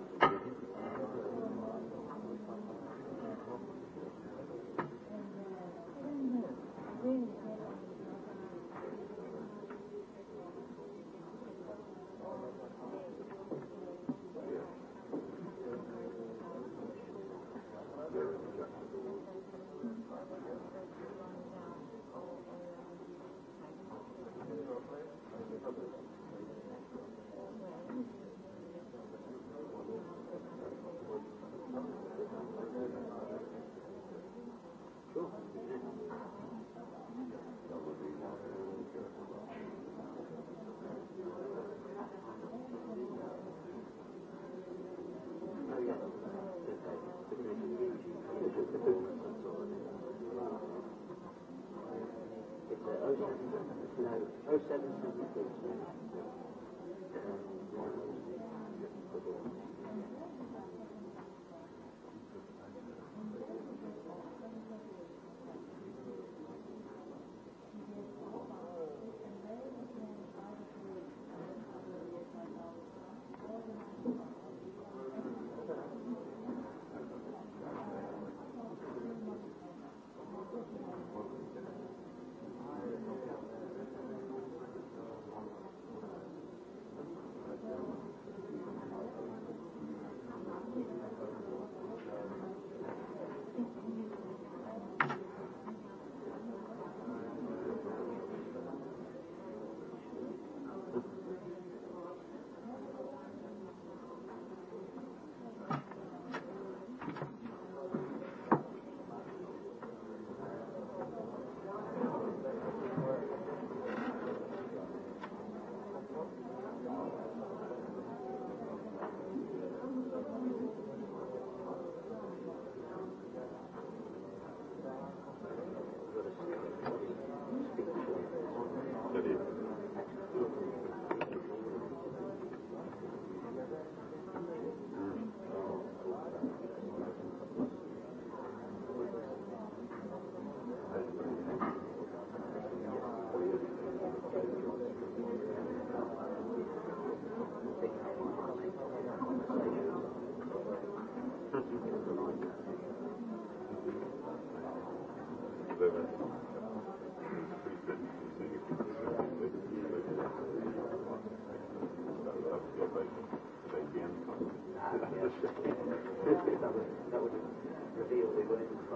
Thank you.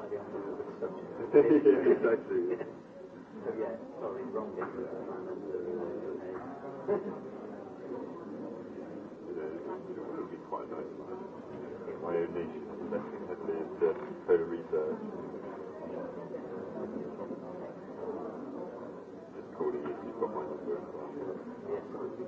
exactly. yeah, sorry, wrong It would be My own niche is heavily into polar research. Just you,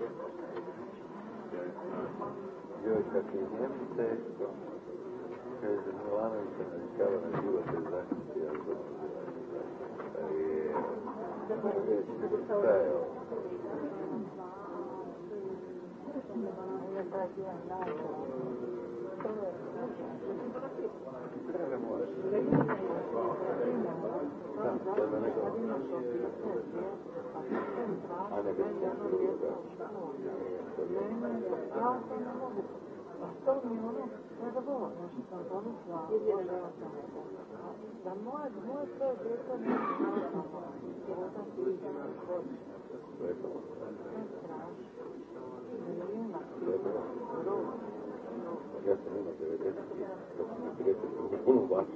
Joj, kako je njemu teško. Kaže, Milanovića navikava na život i zaštiti, ja znam. Šta je ovo? Treba сега се има да ведете, като не приятели, но обаче,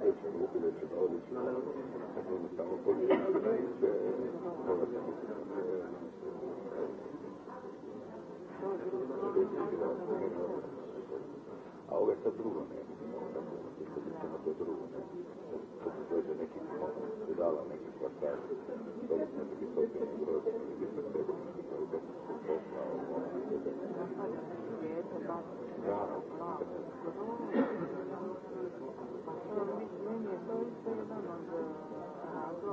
вече му бъде, че да dove stavo con il dove siamo a ovesta drugome, imamo to bi dođe neki dala neki kvartal, to bi smo neki socijalni broj, bi bismo tebe, koji bi se posla, ono, da, da,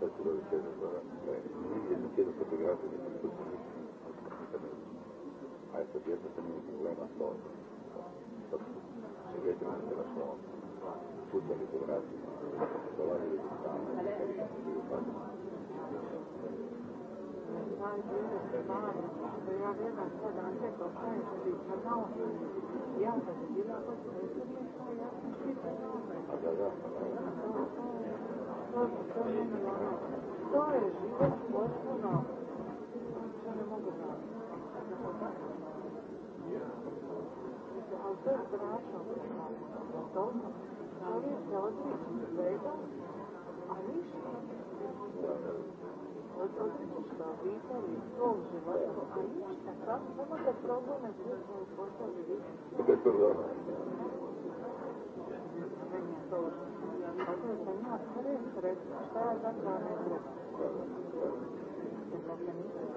както да речем, за едните фотографии, които са а е съдебната ми голема стоеност. Свидетел на страшно, футболи фотографии, залази ли там, А да, да, да тоже все to je strašno. Čovjek se odriči svega, a ništa. Odričiš se obitelji, svog života, a ništa. Kako защото за нас три средства за кроме група.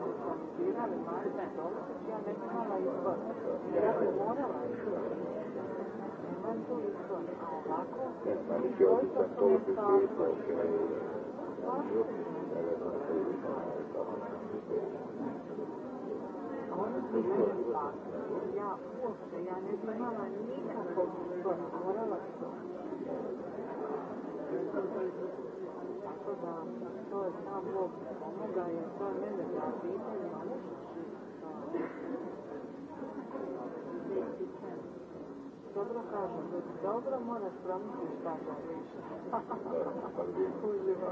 Организирали малите долу, че я не имала извън. Тя би morala Името извън. А ovako, който се е стал. Oni su mene platili. Ja uopšte, ja ne bi imala nikakvog izbora. Morala sam. Dobro kažem, dobro moraš promisliti šta da više. Kolega,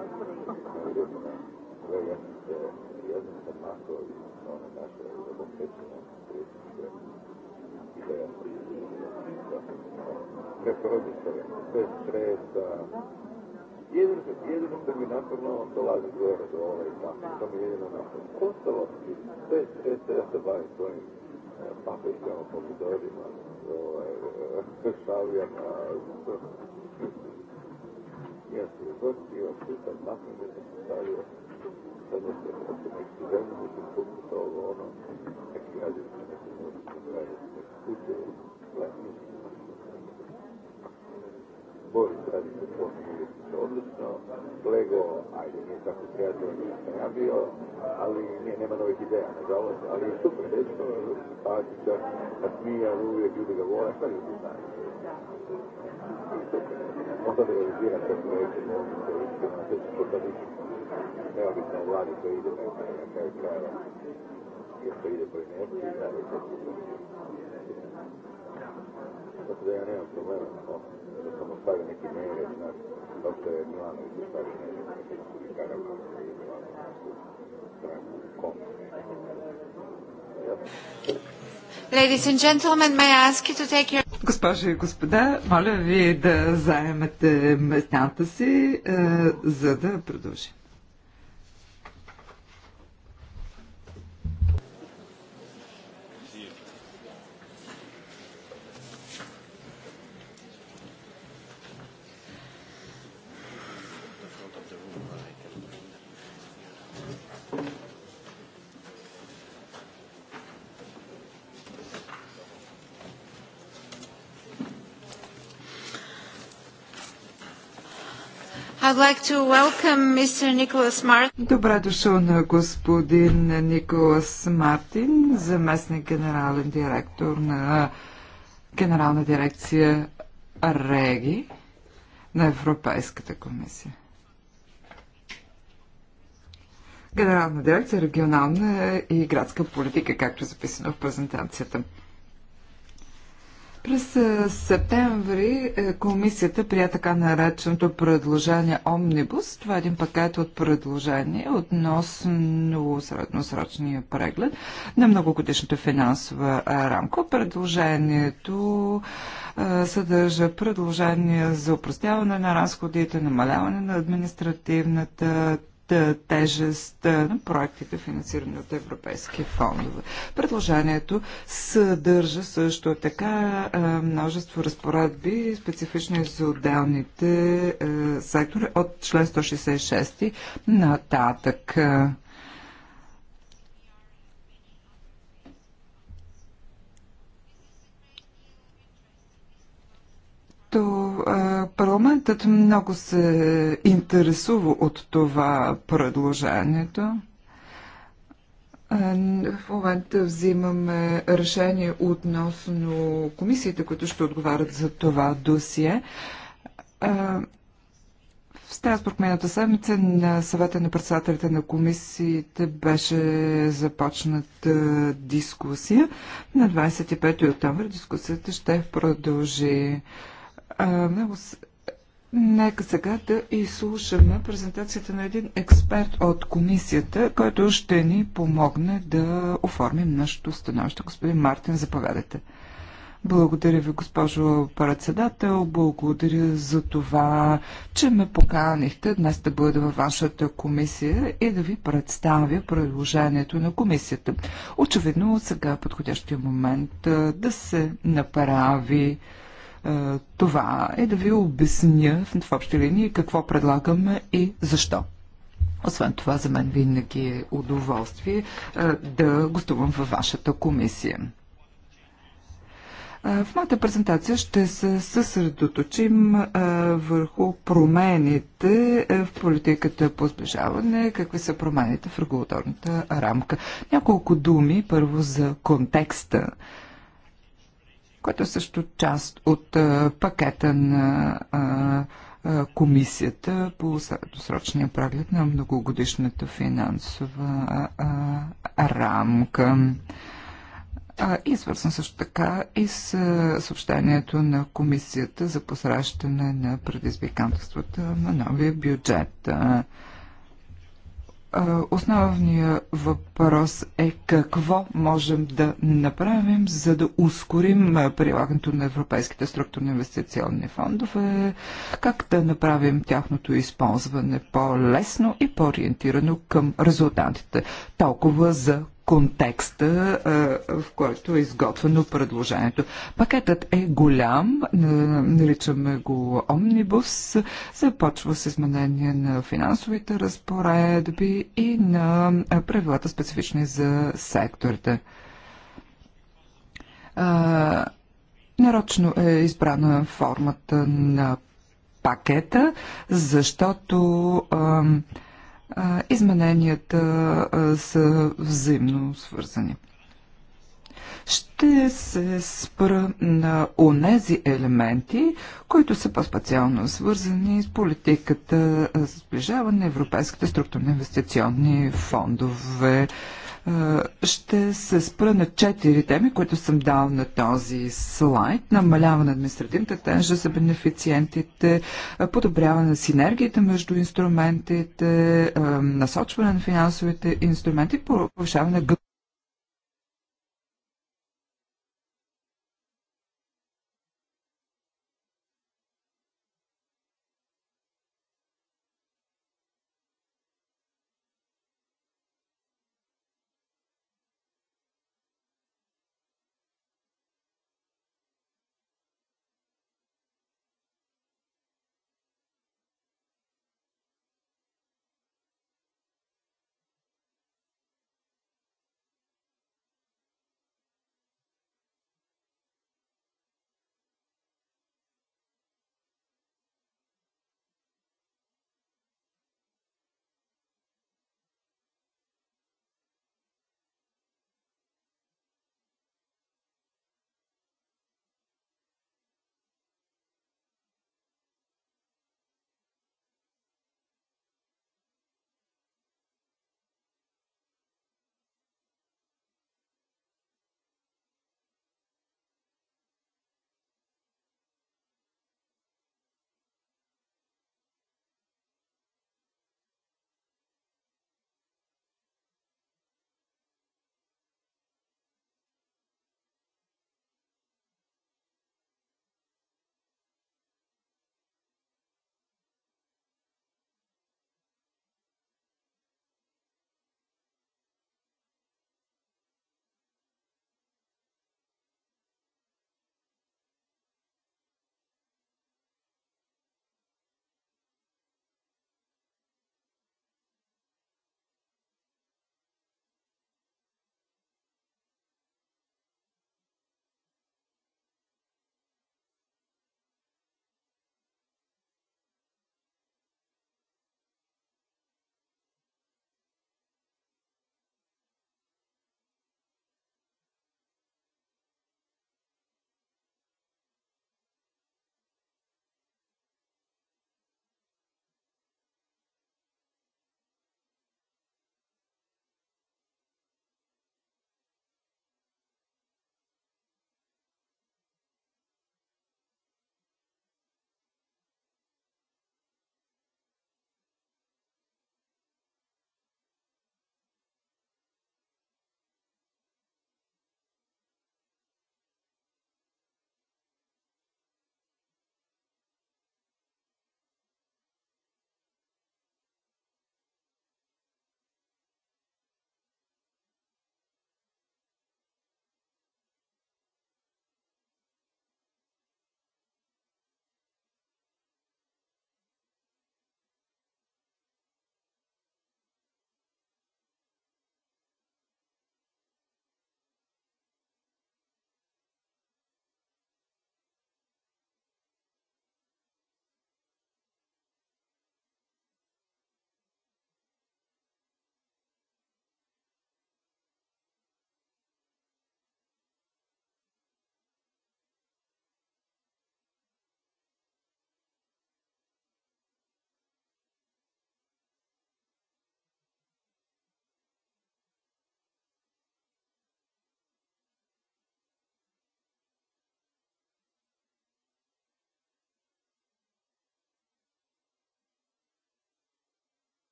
ja sam sam mako na ono naše zbog tečenja i da ja bez roditelja, bez stresa, Jedino se, jedino što mi naporno dolazi gore do ove kafe, to mi jedino naporno. Ostalo, sve, sve se ja se bavim svojim paprikama, pomidorima, ovaj, šavljama, ja se izvrstio, sustav nakon sam stavio, sad da se osim neki zemlju, da sam pokušao ovo ono, neki raditi, neki možete raditi, neki kuće, letnici, Boris radi se poslu, odlično, Lego, ajde, nije tako kreativno nije sam ja bio, ali nije, nema novih ideja, nažalost, ali je super, dečko, Pačića, nasmijan, uvijek ljudi ga vole, šta ljudi znaju? Super. da realizira sve projekte, možda se učiti, ono sve što sad ići. Neobično vladi to ide, na kraju kraja, Jer to ide po inerciji, da je to super. Tako da ja nemam problema, da sam ostavio neki mere, znači, Dr. Milano is the first name of the guy who Ladies and gentlemen, may I ask you to take your... Госпожи и господа, моля ви да заемете местата си, за да продължим. Like Добре дошъл на господин Николас Мартин, заместник генерален директор на Генерална дирекция Реги на Европейската комисия. Генерална дирекция регионална и градска политика, както е записано в презентацията. През е, септември е, комисията прия така нареченото предложение Омнибус. Това е един пакет от предложения относно средносрочния преглед на многогодишната финансова е, рамка. Предложението съдържа предложения за упростяване на разходите, намаляване на административната е, тежест е, на проектите, финансирани от европейски фондове. Предложението съдържа също така е, множество разпоредби, специфични за отделните сектори от член 166 нататък. Защото парламентът много се интересува от това предложението. В момента взимаме решение относно комисиите, които ще отговарят за това досие. В Страсбург миналата седмица на съвета на председателите на комисиите беше започната дискусия. На 25 октомври дискусията ще продължи. А, много с... Нека сега да изслушаме презентацията на един експерт от комисията, който ще ни помогне да оформим нашето становище. Господин Мартин, заповядайте. Благодаря ви, госпожо председател. Благодаря за това, че ме поканихте днес да бъда във вашата комисия и да ви представя предложението на комисията. Очевидно, сега е подходящия момент да се направи е, това е да ви обясня в общи линии какво предлагаме и защо. Освен това, за мен винаги е удоволствие е, да гостувам във вашата комисия. Е, в моята презентация ще се съсредоточим върху промените в политиката по сближаване, какви са промените в регулаторната рамка. Няколко думи първо за контекста което е също част от пакета на комисията по средосрочния преглед на многогодишната финансова рамка. И свързан също така и с съобщението на комисията за посрещане на предизвикателствата на новия бюджет. Основният въпрос е какво можем да направим, за да ускорим прилагането на европейските структурни инвестиционни фондове, как да направим тяхното използване по-лесно и по-ориентирано към резултатите. Толкова за контекста, е, в който е изготвено предложението. Пакетът е голям, е, наричаме го Омнибус, започва с изменение на финансовите разпоредби и на правилата специфични за секторите. Е, нарочно е избрана формата на пакета, защото а, измененията са взаимно свързани. Ще се спра на онези елементи, които са по-специално свързани с политиката за сближаване на европейските структурни инвестиционни фондове. Ще се спра на четири теми, които съм дал на този слайд. Намаляване на административната тежа за бенефициентите, подобряване на синергията между инструментите, насочване на финансовите инструменти, повишаване на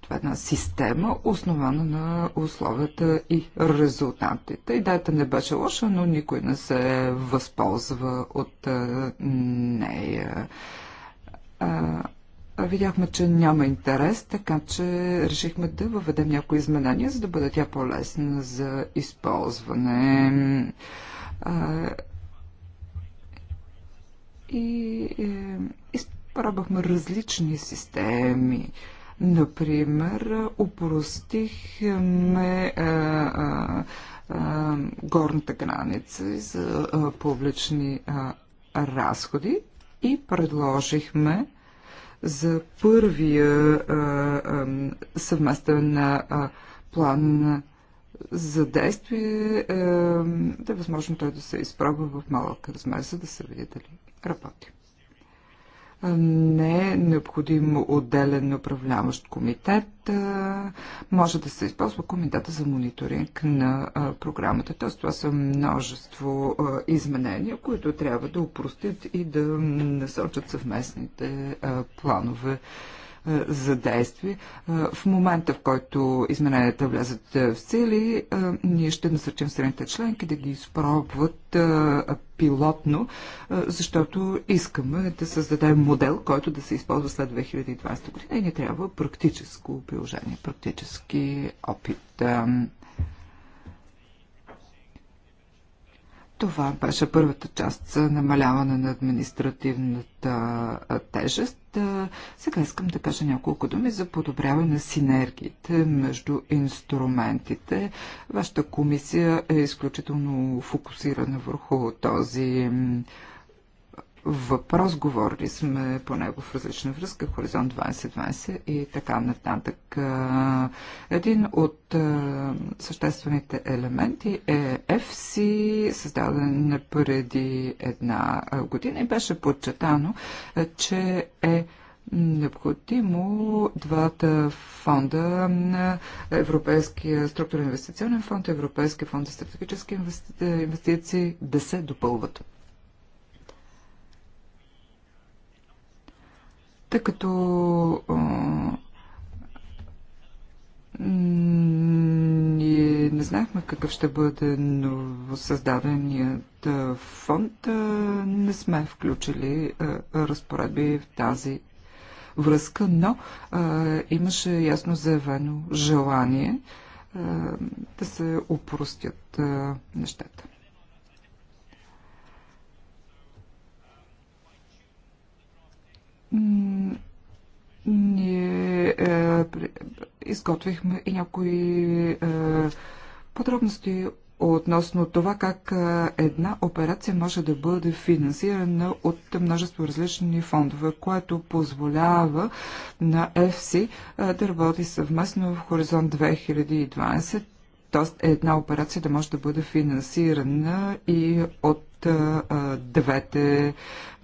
Това е една система, основана на условията и резултатите. Идеята не беше лоша, но никой не се възползва от нея. Видяхме, че няма интерес, така че решихме да въведем някои изменения, за да бъде тя по-лесна за използване и е, изпробвахме различни системи. Например, упростихме е, е, е, горната граница за публични разходи и предложихме за първия съвместен план план за действие, е, да е възможно той да се изпробва в малък размер, за да се види дали работи. Не е необходим отделен управляващ комитет. може да се използва комитета за мониторинг на програмата. Т.е. това са множество изменения, които трябва да упростят и да насочат съвместните планове е, за действие. Е, в момента, в който измененията влязат е, в сили, ние ще насърчим страните членки да ги изпробват пилотно, защото искаме да създадем модел, който да се използва след 2020 година и ни трябва практическо приложение, практически опит. Това беше първата част за намаляване на административната тежест. Сега искам да кажа няколко думи за подобряване на синергиите между инструментите. Вашата комисия е изключително фокусирана върху този въпрос. Говорили сме по него в различна връзка, Хоризонт 2020 и така нататък. Един от съществените елементи е FC, създаден преди една година и беше подчетано, че е необходимо двата фонда на Европейския структурен инвестиционен фонд и Европейския фонд за стратегически инвестиции да се допълват. тъй като ние не знаехме какъв ще бъде новосъздаденият фонд. Не сме включили разпоредби в тази връзка, но а, имаше ясно заявено желание а, да се упростят нещата. ние е, изготвихме и някои е, подробности относно това как е, една операция може да бъде финансирана от множество различни фондове, което позволява на ЕФСИ е, да работи съвместно в Хоризонт 2020 Тоест една операция да може да бъде финансирана и от двете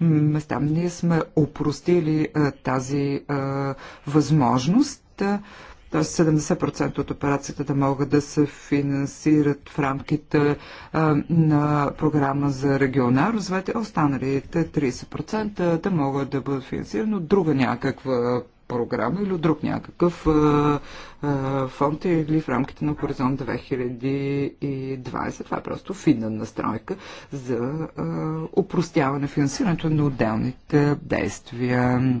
места. Ние сме опростили тази възможност т.е. 70% от операцията да могат да се финансират в рамките а, на програма за регионал развитие, останалите 30% да могат да бъдат финансирани от друга някаква програма или от друг някакъв а, а, фонд или в рамките на Хоризонт 2020. Това е просто финна настройка за а, упростяване финансирането на отделните действия.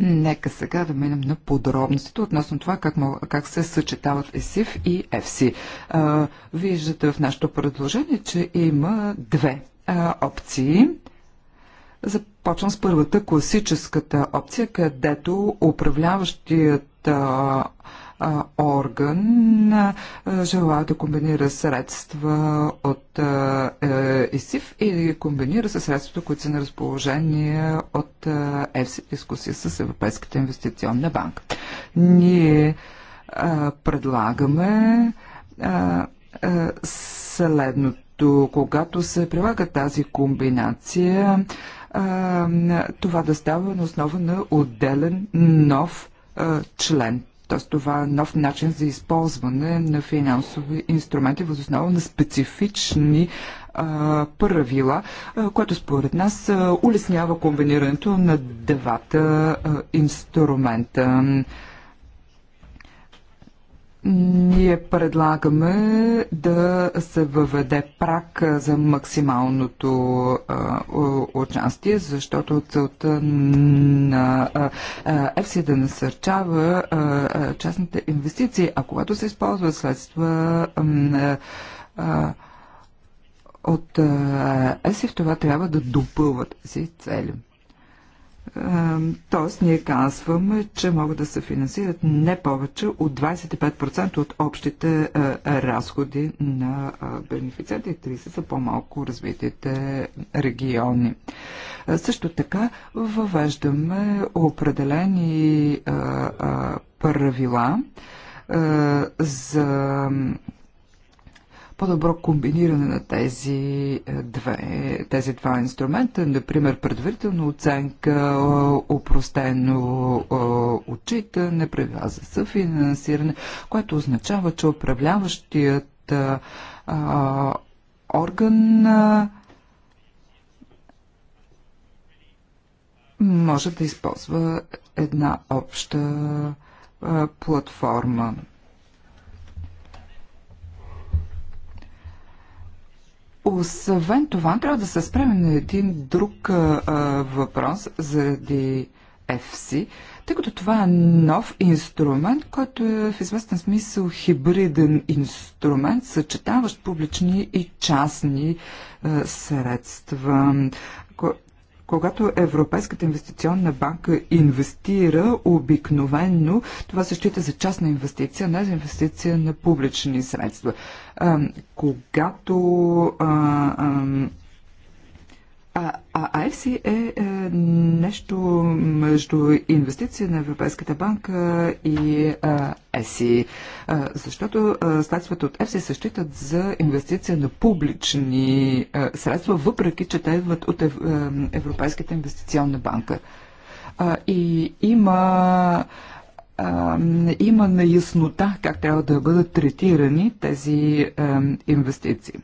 Нека сега да минем на подробностите относно това как, как се съчетават ЕСИФ и ЕФСИ. Виждате в нашето предложение, че има две а, опции – Започвам с първата, класическата опция, където управляващият а, а, орган а, желая да комбинира средства от е, ИСИФ и да и комбинира с средствата, които са на разположение от а, ЕФСИ дискусия с Европейската инвестиционна банка. Ние а, предлагаме а, а, следното. Когато се прилага тази комбинация, това да става на основа на отделен нов член. Т.е. това е нов начин за използване на финансови инструменти въз основа на специфични а, правила, а, което според нас а, улеснява комбинирането на двата а, инструмента. Ние предлагаме да се въведе прак за максималното участие, защото целта на ЕФСИ е да насърчава частните инвестиции, а когато се използва следства от ЕСИ, в това трябва да допълват си цели. Тоест, ние казваме, че могат да се финансират не повече от 25% от общите разходи на бенефициента и 30% за по-малко развитите региони. Също така въвеждаме определени правила за по-добро комбиниране на тези, е, две, тези два инструмента, например предварителна оценка, е, упростено е, отчитане, правила за съфинансиране, което означава, че управляващият а, орган а, може да използва една обща а, платформа. Освен това, трябва да се спреме на един друг а, въпрос заради FC, тъй като това е нов инструмент, който е в известен смисъл хибриден инструмент, съчетаващ публични и частни а, средства. Когато Европейската инвестиционна банка инвестира обикновенно, това се счита за частна инвестиция, не за инвестиция на публични средства. А, когато а, а, а, АФС IFC е, е нещо между инвестиция на Европейската банка и е, ЕСИ, е, защото е, средствата от ЕФСИ се считат за инвестиция на публични е, средства, въпреки че те идват от е, Европейската инвестиционна банка. Е, и има а, има неяснота как трябва да бъдат третирани тези инвестиции.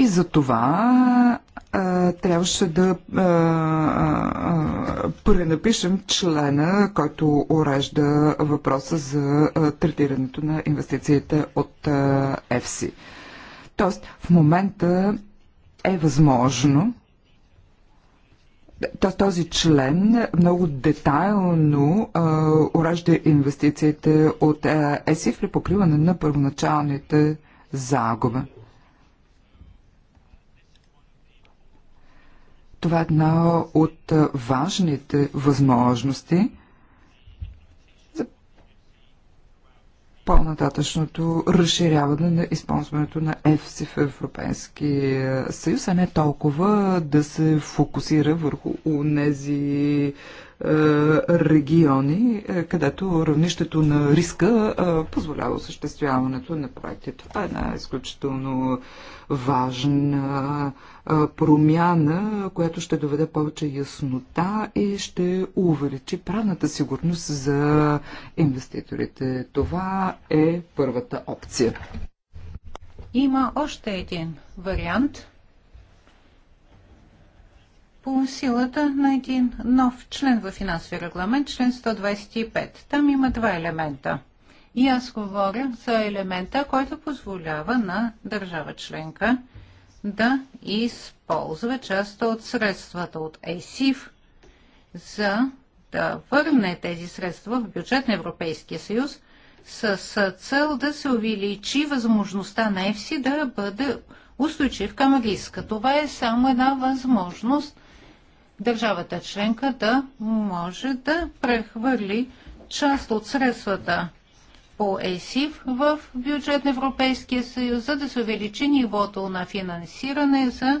И за това а, трябваше да а, пренапишем члена, който урежда въпроса за а, третирането на инвестициите от а, ЕФСИ. Тоест, в момента е възможно този член много детайлно а, инвестициите от ЕСИ при покриване на първоначалните загуби. Това е една от важните възможности за по-нататъчното разширяване на използването на ЕФСИ в Европейския съюз, а не толкова да се фокусира върху тези е, региони, е, където равнището на риска е, позволява осъществяването на проекти. Това е една изключително важна промяна, която ще доведе повече яснота и ще увеличи правната сигурност за инвеститорите. Това е първата опция. Има още един вариант – по силата на един нов член във финансовия регламент, член 125. Там има два елемента. И аз говоря за елемента, който позволява на държава членка да използва част от средствата от ЕСИФ, за да върне тези средства в бюджет на Европейския съюз с цел да се увеличи възможността на ЕФСИ да бъде устойчив към риска. Това е само една възможност държавата членка да може да прехвърли част от средствата по ЕСИФ в бюджет на Европейския съюз, за да се увеличи нивото на финансиране за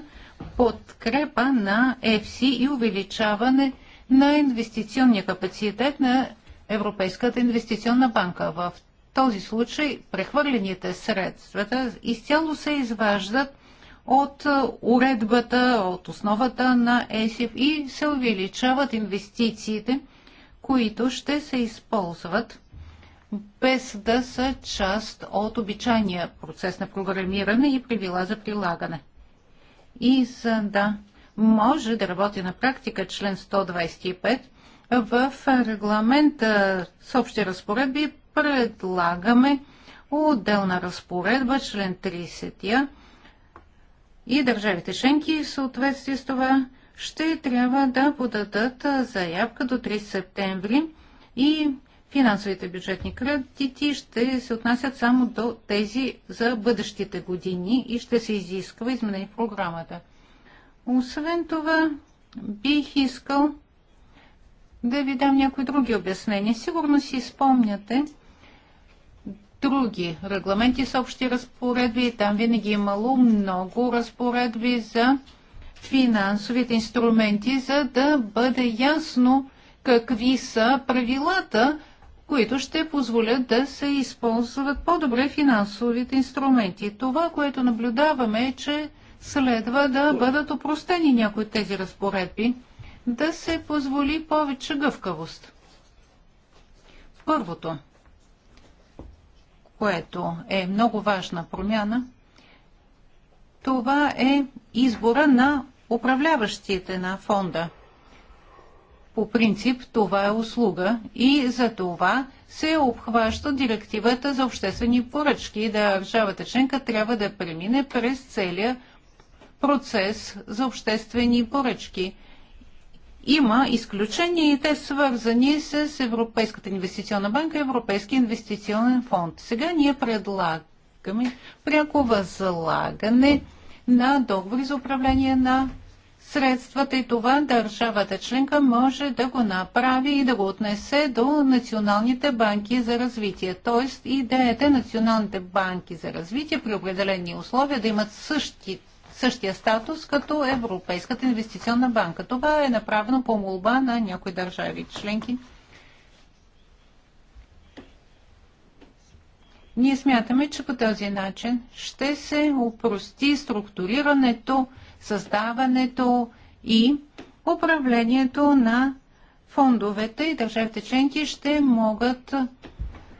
подкрепа на ЕФСИ и увеличаване на инвестиционния капацитет на Европейската инвестиционна банка. В този случай прехвърлените средствата изцяло се изваждат от е, уредбата, от основата на ЕСИФ и се увеличават инвестициите, които ще се използват без да са част от обичайния процес на програмиране и правила за прилагане. И за да може да работи на практика член 125, в регламента с общи разпоредби предлагаме отделна разпоредба, член 30 и държавите членки в съответствие с това ще трябва да подадат заявка до 30 септември и финансовите бюджетни кредити ще се отнасят само до тези за бъдещите години и ще се изисква изменение в програмата. Освен това, бих искал да ви дам някои други обяснения. Сигурно си спомняте, други регламенти с общи разпоредби. Там винаги е имало много разпоредби за финансовите инструменти, за да бъде ясно какви са правилата, които ще позволят да се използват по-добре финансовите инструменти. Това, което наблюдаваме е, че следва да бъдат опростени някои от тези разпоредби, да се позволи повече гъвкавост. Първото – което е много важна промяна, това е избора на управляващите на фонда. По принцип това е услуга и за това се обхваща директивата за обществени поръчки Да държавата членка трябва да премине през целия процес за обществени поръчки – има изключения и те свързани с Европейската инвестиционна банка и Европейския инвестиционен фонд. Сега ние предлагаме пряко възлагане на договори за управление на средствата и това държавата членка може да го направи и да го отнесе до националните банки за развитие. Тоест идеята е националните банки за развитие при определени условия да имат същите същия статус като Европейската инвестиционна банка. Това е направено по молба на някои държави членки. Ние смятаме, че по този начин ще се упрости структурирането, създаването и управлението на фондовете и държавите членки ще могат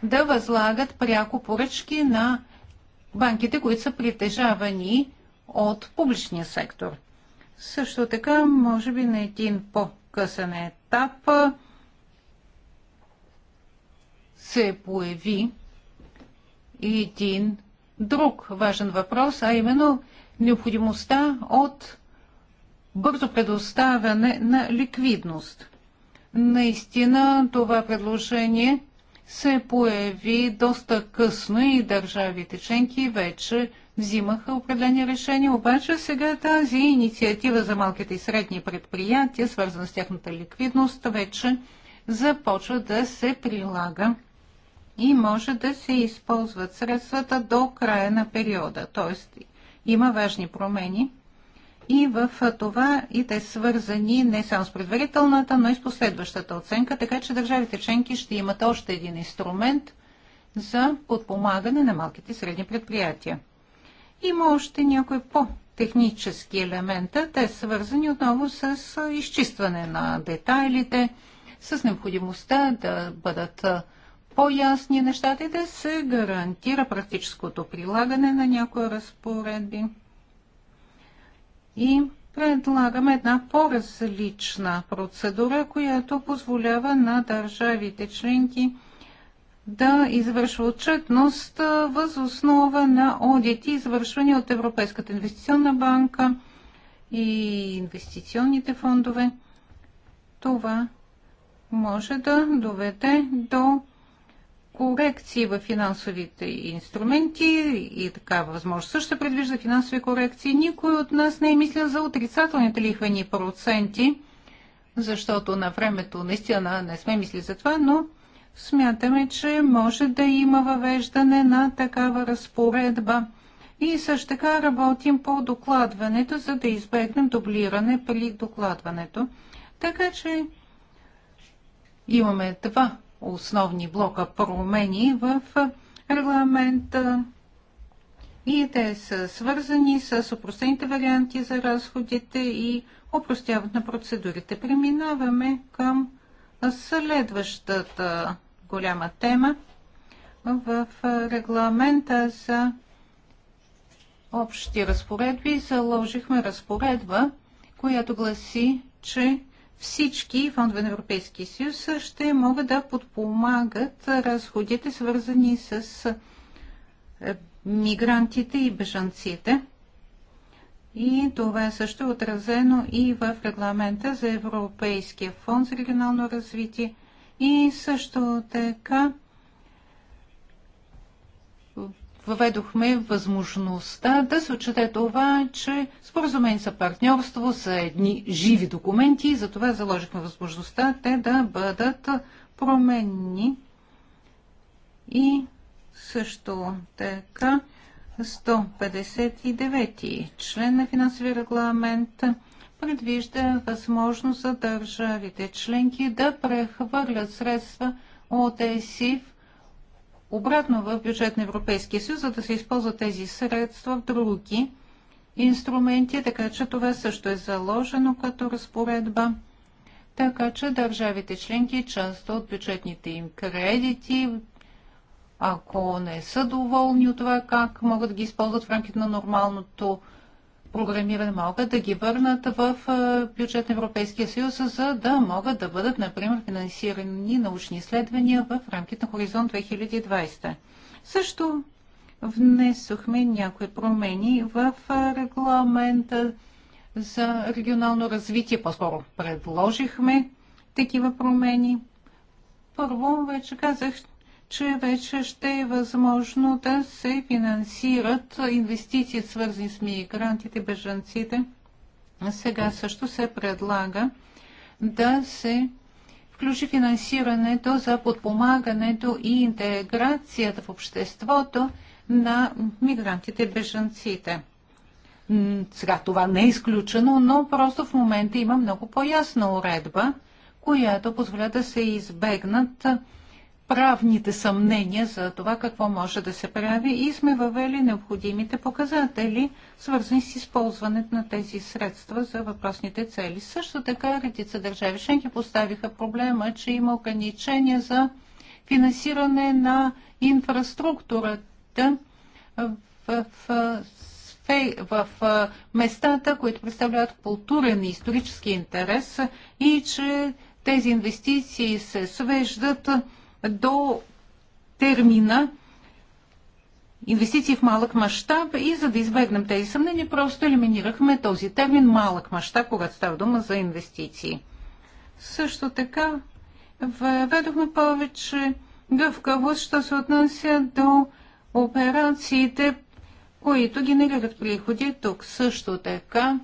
да възлагат пряко поръчки на банките, които са притежавани от публичния сектор. Също така, може би на един по-късен етап се появи един друг важен въпрос, а именно необходимостта от бързо предоставяне на ликвидност. Наистина това предложение се появи доста късно и държавите членки вече взимаха определени решения, обаче сега тази инициатива за малките и средни предприятия, свързана с тяхната ликвидност, вече започва да се прилага и може да се използват средствата до края на периода. Т.е. има важни промени и в това и те свързани не само с предварителната, но и с последващата оценка, така че държавите членки ще имат още един инструмент за подпомагане на малките и средни предприятия. Има още някои по-технически елемента. Те са свързани отново с изчистване на детайлите, с необходимостта да бъдат по-ясни нещата и да се гарантира практическото прилагане на някои разпоредби. И предлагаме една по-различна процедура, която позволява на държавите членки – да извършва отчетност въз основа на одити, извършвани от Европейската инвестиционна банка и инвестиционните фондове. Това може да доведе до корекции в финансовите инструменти и такава възможност също предвижда финансови корекции. Никой от нас не е мислил за отрицателните лихвени проценти, защото на времето наистина не сме мислили за това, но смятаме, че може да има въвеждане на такава разпоредба. И също така работим по докладването, за да избегнем дублиране при докладването. Така че имаме два основни блока промени в регламента и те са свързани с упростените варианти за разходите и упростяват на процедурите. Преминаваме към Следващата голяма тема в регламента за общи разпоредби заложихме разпоредба, която гласи, че всички фондове на Европейски съюз ще могат да подпомагат разходите, свързани с мигрантите и бежанците. И това е също е отразено и в регламента за Европейския фонд за регионално развитие. И също така въведохме възможността да се отчете това, че споразумени за партньорство са едни живи документи и за това заложихме възможността те да бъдат променни. И също така 159 член на финансовия регламент предвижда възможност за държавите членки да прехвърлят средства от ЕСИФ обратно в бюджет на Европейския съюз, за да се използват тези средства в други инструменти, така че това също е заложено като разпоредба. Така че държавите членки част от бюджетните им кредити ако не са доволни от това как могат да ги използват в рамките на нормалното програмиране, могат да ги върнат в бюджет на Европейския съюз, за да могат да бъдат, например, финансирани научни изследвания в рамките на Хоризонт 2020. Също внесохме някои промени в регламента за регионално развитие. По-скоро предложихме такива промени. Първо, вече казах, че вече ще е възможно да се финансират инвестиции, свързани с мигрантите, бежанците. Сега също се предлага да се включи финансирането за подпомагането и интеграцията в обществото на мигрантите, бежанците. Сега това не е изключено, но просто в момента има много по-ясна уредба, която позволя да се избегнат правните съмнения за това какво може да се прави и сме въвели необходимите показатели, свързани с използването на тези средства за въпросните цели. Също така редица държави членки поставиха проблема, че има ограничения за финансиране на инфраструктурата в, в, в, в местата, които представляват културен и исторически интерес и че тези инвестиции се свеждат до термина инвестиции в малък мащаб и за да избегнем тези съмнения, просто елиминирахме този термин малък мащаб, когато става дума за инвестиции. Също така введохме повече гъвкавост, що се отнася до операциите, които генерират приходи. Тук също така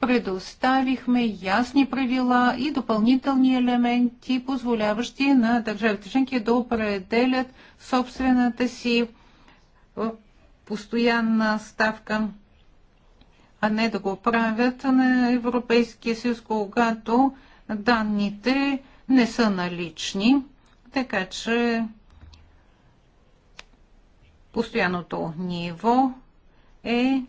предоставихме ясни правила и допълнителни елементи, позволяващи на държавите членки да определят собствената си постоянна ставка, а не да го правят на Европейския съюз, когато данните не са налични. Така че постоянното ниво е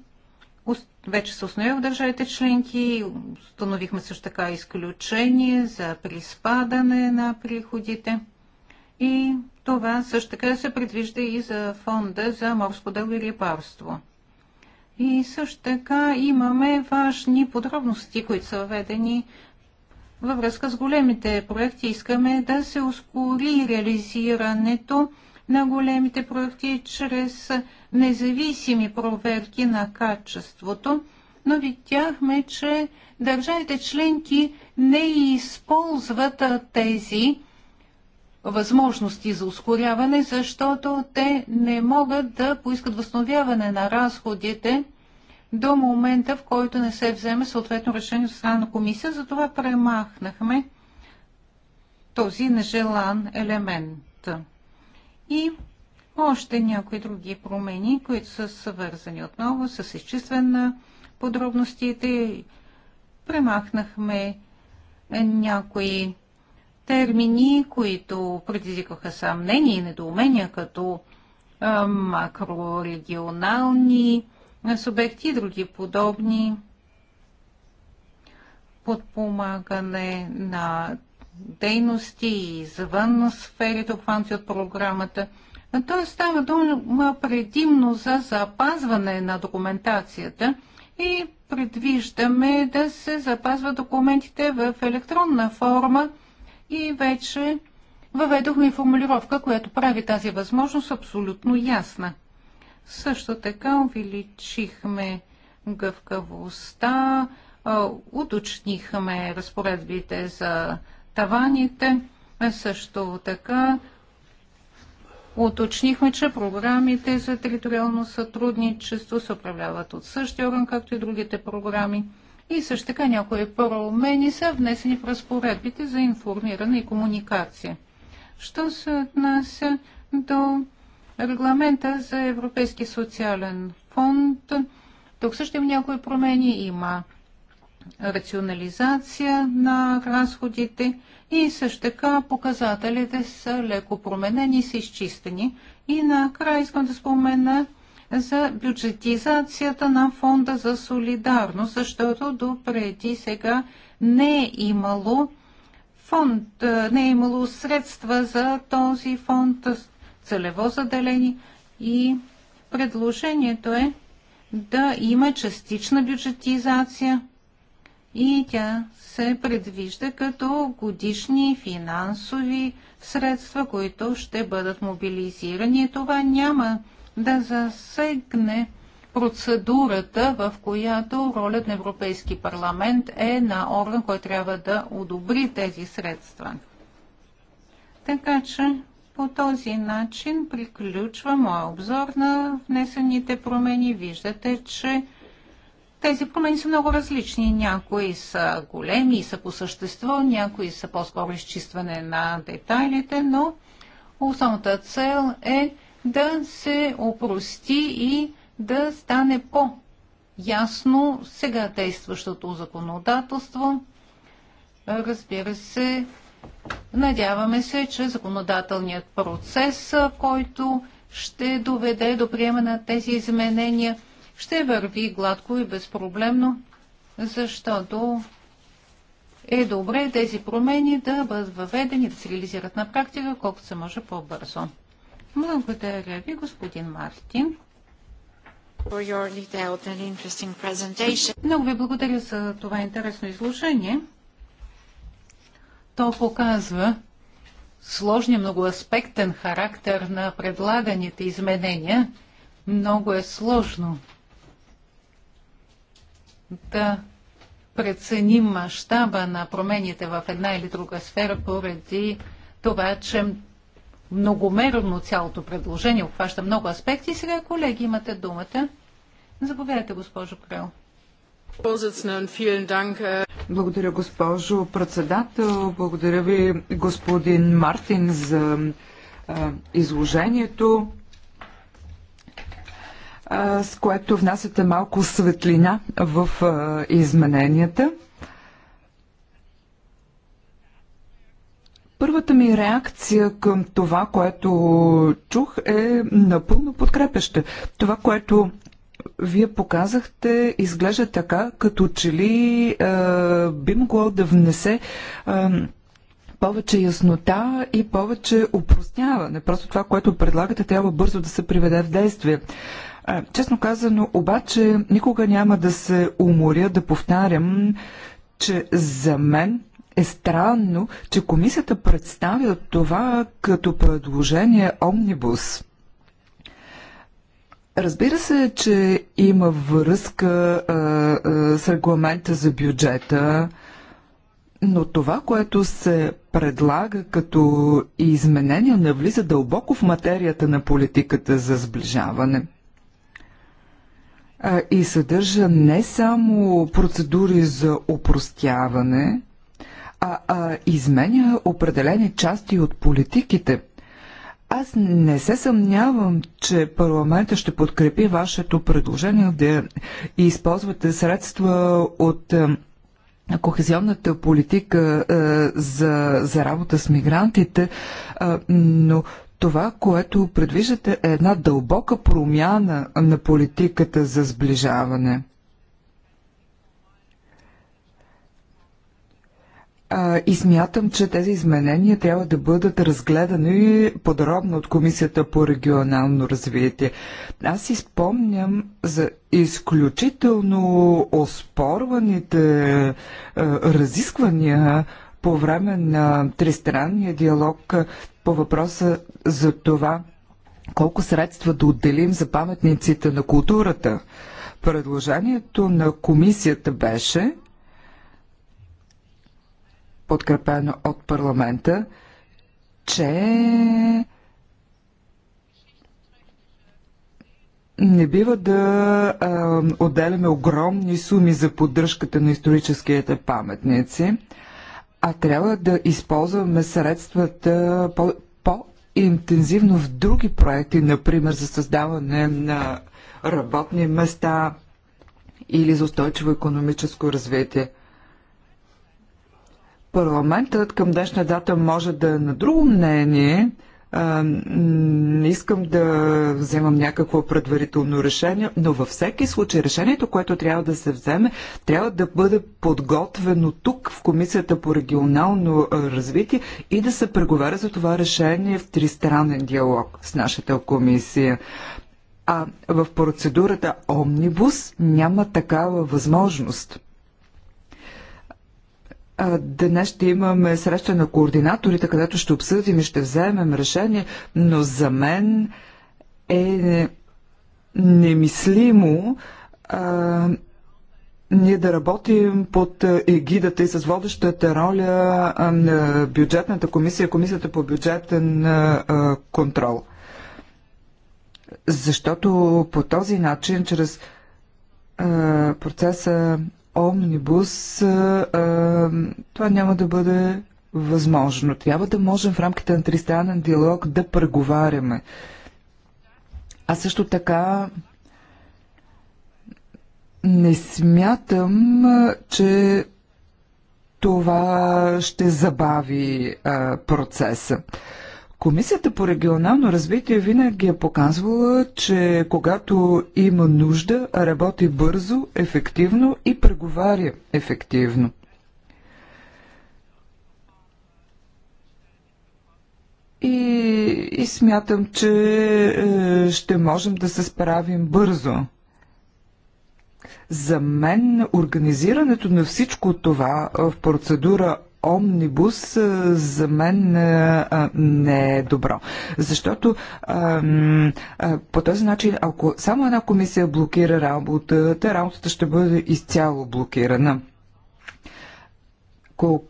вече се установява в държавите членки. Установихме също така изключение за приспадане на приходите. И това също така се предвижда и за фонда за морско дело и рибарство. И също така имаме важни подробности, които са введени във връзка с големите проекти. Искаме да се ускори реализирането на големите проекти чрез независими проверки на качеството, но видяхме, че държавите членки не използват тези възможности за ускоряване, защото те не могат да поискат възстановяване на разходите до момента, в който не се вземе съответно решение от страна на комисия. Затова премахнахме този нежелан елемент и още някои други промени, които са свързани отново с изчистване на подробностите. Премахнахме някои термини, които предизвикаха съмнение и недоумения, като макрорегионални субекти и други подобни подпомагане на дейности извън сферите, обхванати от програмата. Той става дума предимно за запазване на документацията и предвиждаме да се запазват документите в електронна форма и вече въведохме формулировка, която прави тази възможност абсолютно ясна. Също така увеличихме гъвкавостта, уточнихме разпоредбите за таваните. Също така уточнихме, че програмите за териториално сътрудничество се управляват от същия орган, както и другите програми. И също така някои промени са внесени в разпоредбите за информиране и комуникация. Що се отнася до регламента за Европейски социален фонд, тук също има някои промени. Има рационализация на разходите и също така показателите са леко променени са изчистени. И накрая искам да спомена за бюджетизацията на фонда за солидарност, защото допреди сега не е имало фонд, е, не е имало средства за този фонд целево заделени и предложението е да има частична бюджетизация и тя се предвижда като годишни финансови средства, които ще бъдат мобилизирани. Това няма да засегне процедурата, в която ролят на Европейски парламент е на орган, който трябва да одобри тези средства. Така че по този начин приключва моя обзор на внесените промени. Виждате, че тези промени са много различни. Някои са големи и са по същество, някои са по-скоро изчистване на детайлите, но основната цел е да се опрости и да стане по-ясно сега действащото законодателство. Разбира се, надяваме се, че законодателният процес, който ще доведе до приема на тези изменения, ще върви гладко и безпроблемно, защото е добре тези промени да бъдат въведени, да се реализират на практика, колкото се може по-бързо. Благодаря ви, господин Мартин. Много ви благодаря за това интересно изложение. То показва сложния многоаспектен характер на предлаганите изменения. Много е сложно да преценим мащаба на промените в една или друга сфера поради това, че многомерно цялото предложение обхваща много аспекти. сега, колеги, имате думата. Заповядайте, госпожо Крел. Äh, Благодаря, госпожо председател. Благодаря ви, господин Мартин, за изложението с което внасяте малко светлина в измененията. Първата ми реакция към това, което чух, е напълно подкрепеща. Това, което вие показахте, изглежда така, като че ли е, би могло да внесе е, повече яснота и повече упростняване. Просто това, което предлагате, трябва бързо да се приведе в действие. Честно казано, обаче, никога няма да се уморя да повтарям, че за мен е странно, че комисията представя това като предложение омнибус. Разбира се, че има връзка а, а, с регламента за бюджета, но това, което се предлага като изменение, навлиза дълбоко в материята на политиката за сближаване и съдържа не само процедури за опростяване, а, а изменя определени части от политиките. Аз не се съмнявам, че парламента ще подкрепи вашето предложение да използвате средства от кохезионната политика за, за работа с мигрантите, но това, което предвиждате е една дълбока промяна на политиката за сближаване. А, и смятам, че тези изменения трябва да бъдат разгледани подробно от Комисията по регионално развитие. Аз изпомням за изключително оспорваните а, разисквания по време на тристранния диалог по въпроса за това колко средства да отделим за паметниците на културата. Предложението на комисията беше подкрепено от парламента, че не бива да а, отделяме огромни суми за поддръжката на историческите паметници а трябва да използваме средствата по, по интензивно в други проекти, например за създаване на работни места или за устойчиво економическо развитие. Парламентът към днешна дата може да е на друго мнение, а, не искам да вземам някакво предварително решение, но във всеки случай решението, което трябва да се вземе, трябва да бъде подготвено тук в Комисията по регионално развитие и да се преговаря за това решение в тристранен диалог с нашата комисия. А в процедурата Омнибус няма такава възможност. Днес ще имаме среща на координаторите, където ще обсъдим и ще вземем решение, но за мен е немислимо а, ние да работим под егидата и с водещата роля на бюджетната комисия, комисията по бюджетен а, контрол. Защото по този начин, чрез а, процеса омнибус това няма да бъде възможно. Трябва да можем в рамките на тристранен диалог да преговаряме. А също така не смятам, че това ще забави а, процеса. Комисията по регионално развитие винаги е показвала, че когато има нужда, работи бързо, ефективно и преговаря ефективно. И, и смятам, че е, ще можем да се справим бързо. За мен организирането на всичко това в процедура омнибус за мен не е добро. Защото по този начин, ако само една комисия блокира работата, работата ще бъде изцяло блокирана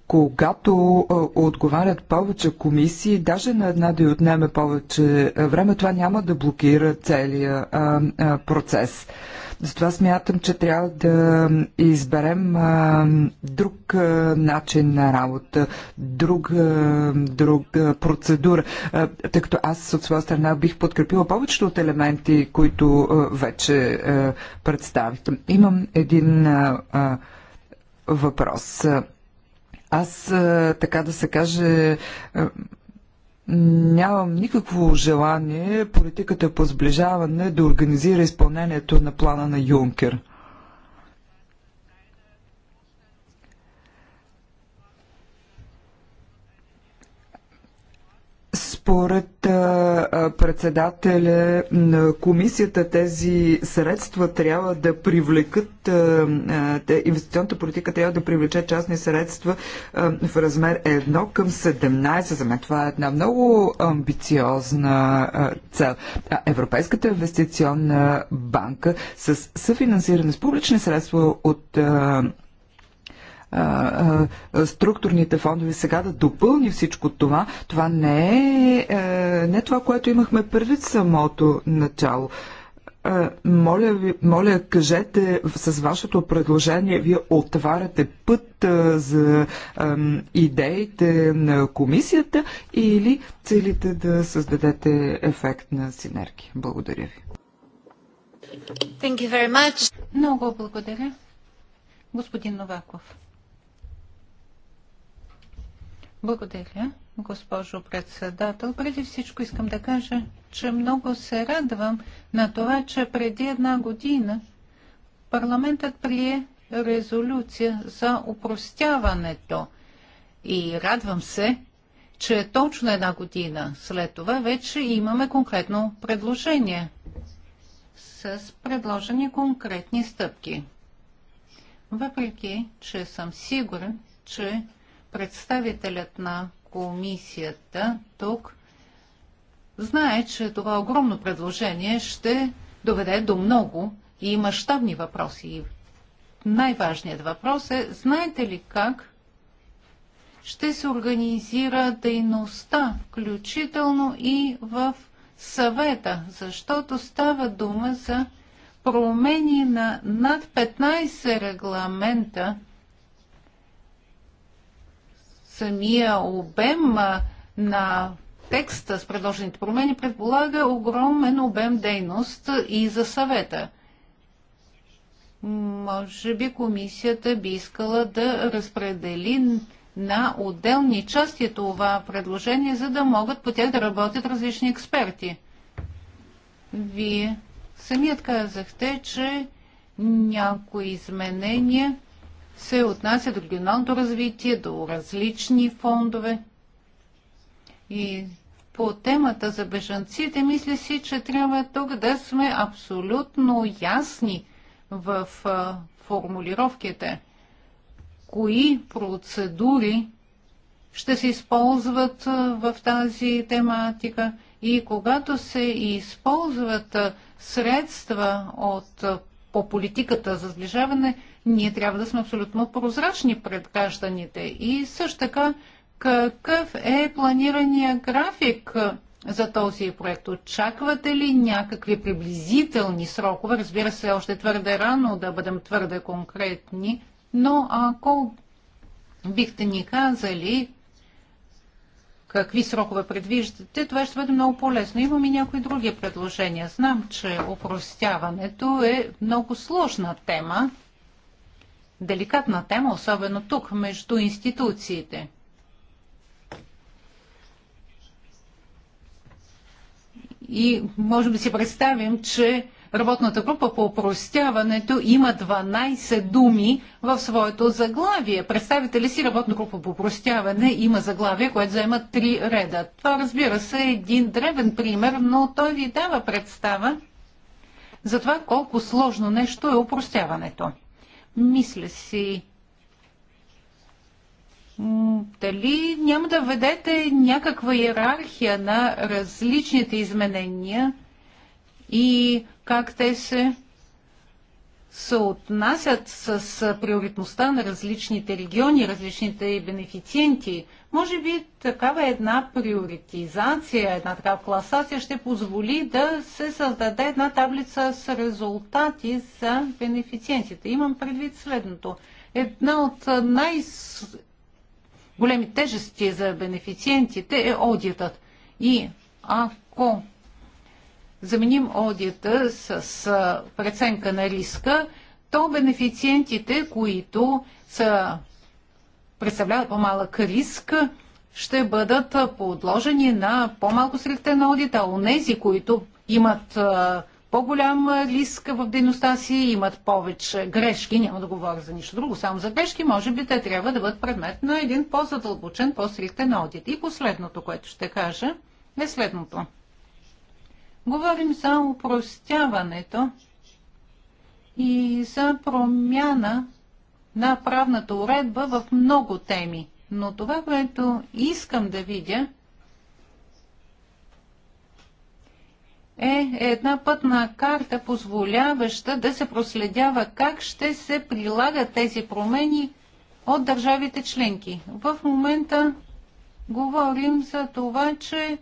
когато отговарят повече комисии, даже на една да й отнеме повече време, това няма да блокира целия процес. Затова смятам, че трябва да изберем друг начин на работа, друг, друг процедура, тъй като аз от своя страна бих подкрепила повечето от елементи, които вече представих. Имам един въпрос. Аз, така да се каже, Нямам никакво желание политиката по сближаване да организира изпълнението на плана на Юнкер. Според председателя на комисията тези средства трябва да привлекат, инвестиционната политика трябва да привлече частни средства в размер 1 към 17. За мен това е една много амбициозна цел. Европейската инвестиционна банка с съфинансиране с публични средства от а, а, структурните фондове сега да допълни всичко това, това не е, а, не е това, което имахме предвид самото начало моля, ви, моля, кажете с вашето предложение, вие отваряте път а, за а, идеите на комисията или целите да създадете ефект на синергия? Благодаря ви. Thank you very much. Много благодаря. Господин Новаков. Благодаря, госпожо председател. Преди всичко искам да кажа, че много се радвам на това, че преди една година парламентът прие резолюция за упростяването. И радвам се, че точно една година след това вече имаме конкретно предложение с предложени конкретни стъпки. Въпреки, че съм сигурен, че представителят на комисията тук знае, че това огромно предложение ще доведе до много и мащабни въпроси. И най-важният въпрос е, знаете ли как ще се организира дейността, включително и в съвета, защото става дума за промени на над 15 регламента самия обем на текста с предложените промени предполага огромен обем дейност и за съвета. Може би комисията би искала да разпредели на отделни части това предложение, за да могат по тях да работят различни експерти. Вие самият казахте, че някои изменения се отнася до регионалното развитие, до различни фондове. И по темата за бежанците, мисля си, че трябва тук да сме абсолютно ясни в формулировките. Кои процедури ще се използват в тази тематика и когато се използват средства от по политиката за сближаване, ние трябва да сме абсолютно прозрачни пред гражданите. И също така, какъв е планирания график за този проект? Очаквате ли някакви приблизителни срокове? Разбира се, още твърде рано да бъдем твърде конкретни, но ако бихте ни казали какви срокове предвиждате, това ще бъде много по-лесно. Имам и някои други предложения. Знам, че опростяването е много сложна тема, деликатна тема, особено тук, между институциите. И можем да си представим, че работната група по опростяването има 12 думи в своето заглавие. Представите ли си работна група по опростяване има заглавие, което заема 3 реда. Това разбира се е един древен пример, но той ви дава представа за това колко сложно нещо е опростяването. Мисля си, дали няма да ведете някаква иерархия на различните изменения и как те се съотнасят с приоритността на различните региони, различните бенефициенти. Може би такава една приоритизация, една такава класация ще позволи да се създаде една таблица с резултати за бенефициентите. Имам предвид следното. Една от най- големи тежести за бенефициентите е одитът. И ако заменим одита с преценка на риска, то бенефициентите, които са, представляват по-малък риск, ще бъдат подложени на по-малко средите на А а нези, които имат по-голям риск в дейността си, имат повече грешки, няма да говоря за нищо друго, само за грешки, може би те трябва да бъдат предмет на един по-задълбочен, по-сритен одит. И последното, което ще кажа, е следното – Говорим за упростяването и за промяна на правната уредба в много теми. Но това, което искам да видя, е една пътна карта, позволяваща да се проследява как ще се прилагат тези промени от държавите членки. В момента говорим за това, че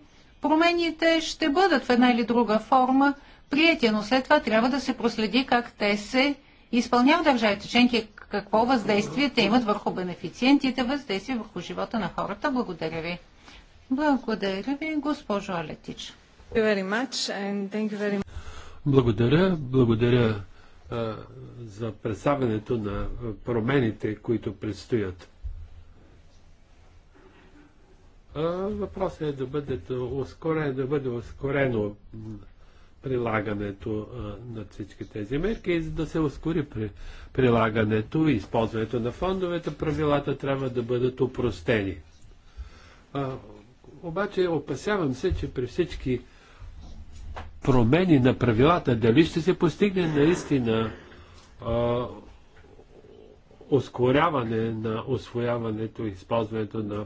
промените ще бъдат в една или друга форма приятия, но след това трябва да се проследи как те се изпълняват държавите членки, какво въздействие те имат върху бенефициентите, въздействие върху живота на хората. Благодаря ви. Благодаря ви, госпожо Алетич. Благодаря, благодаря за представянето на промените, които предстоят. Въпросът е да бъде ускорено, да бъде ускорено прилагането на всички тези мерки и за да се ускори при прилагането и използването на фондовете, правилата трябва да бъдат упростени. А, обаче опасявам се, че при всички промени на правилата, дали ще се постигне наистина а, ускоряване на освояването и използването на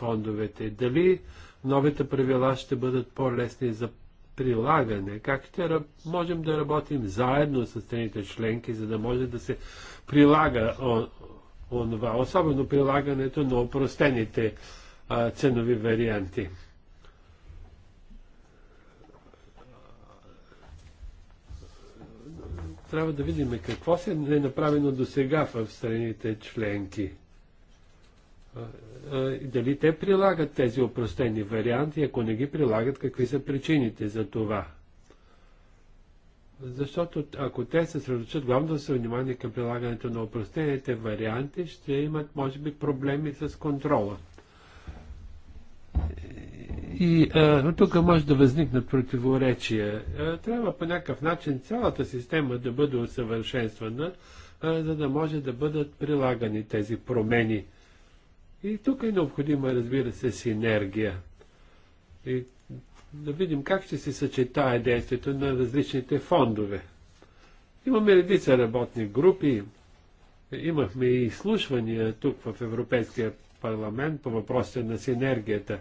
фондовете? Дали новите правила ще бъдат по-лесни за прилагане? Как ще можем да работим заедно с страните членки, за да може да се прилага онова, особено прилагането на упростените а, ценови варианти? трябва да видим какво се е направено до сега в страните членки дали те прилагат тези упростени варианти, ако не ги прилагат, какви са причините за това. Защото ако те се средочат главно се внимание към прилагането на упростените варианти, ще имат, може би, проблеми с контрола. И а, тук може да възникнат противоречия. А, трябва по някакъв начин цялата система да бъде усъвършенствана, а, за да може да бъдат прилагани тези промени и тук е необходима, разбира се, синергия. И да видим как ще се съчетае действието на различните фондове. Имаме редица работни групи. Имахме и изслушвания тук в Европейския парламент по въпросите на синергията.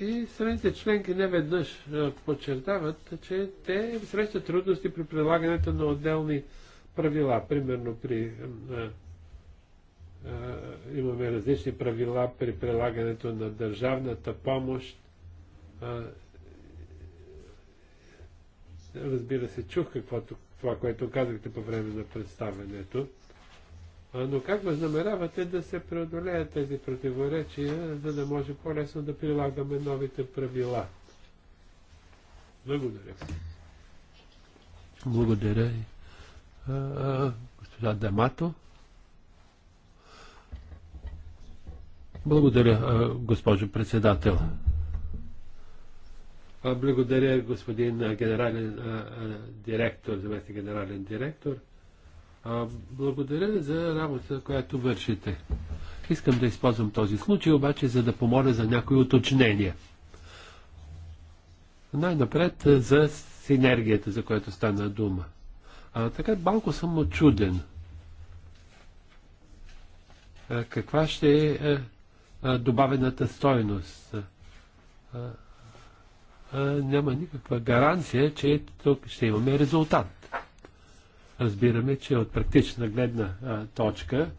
И страните членки не веднъж подчертават, че те срещат трудности при прилагането на отделни правила. Примерно при е, имаме различни правила при прилагането на държавната помощ. Разбира се, чух каквото, това, което казахте по време на представенето. Но как възнамерявате да се преодолеят тези противоречия, за да може по-лесно да прилагаме новите правила? Благодаря. Благодаря. господа Дамато. Благодаря, госпожо председател. Благодаря, господин генерален директор, заместник генерален директор. Благодаря за работа, която вършите. Искам да използвам този случай, обаче, за да помоля за някои уточнения. Най-напред за синергията, за която стана дума. А, така малко съм очуден. А, каква ще е добавената стойност. Няма никаква гаранция, че тук ще имаме резултат. Разбираме, че от практична гледна точка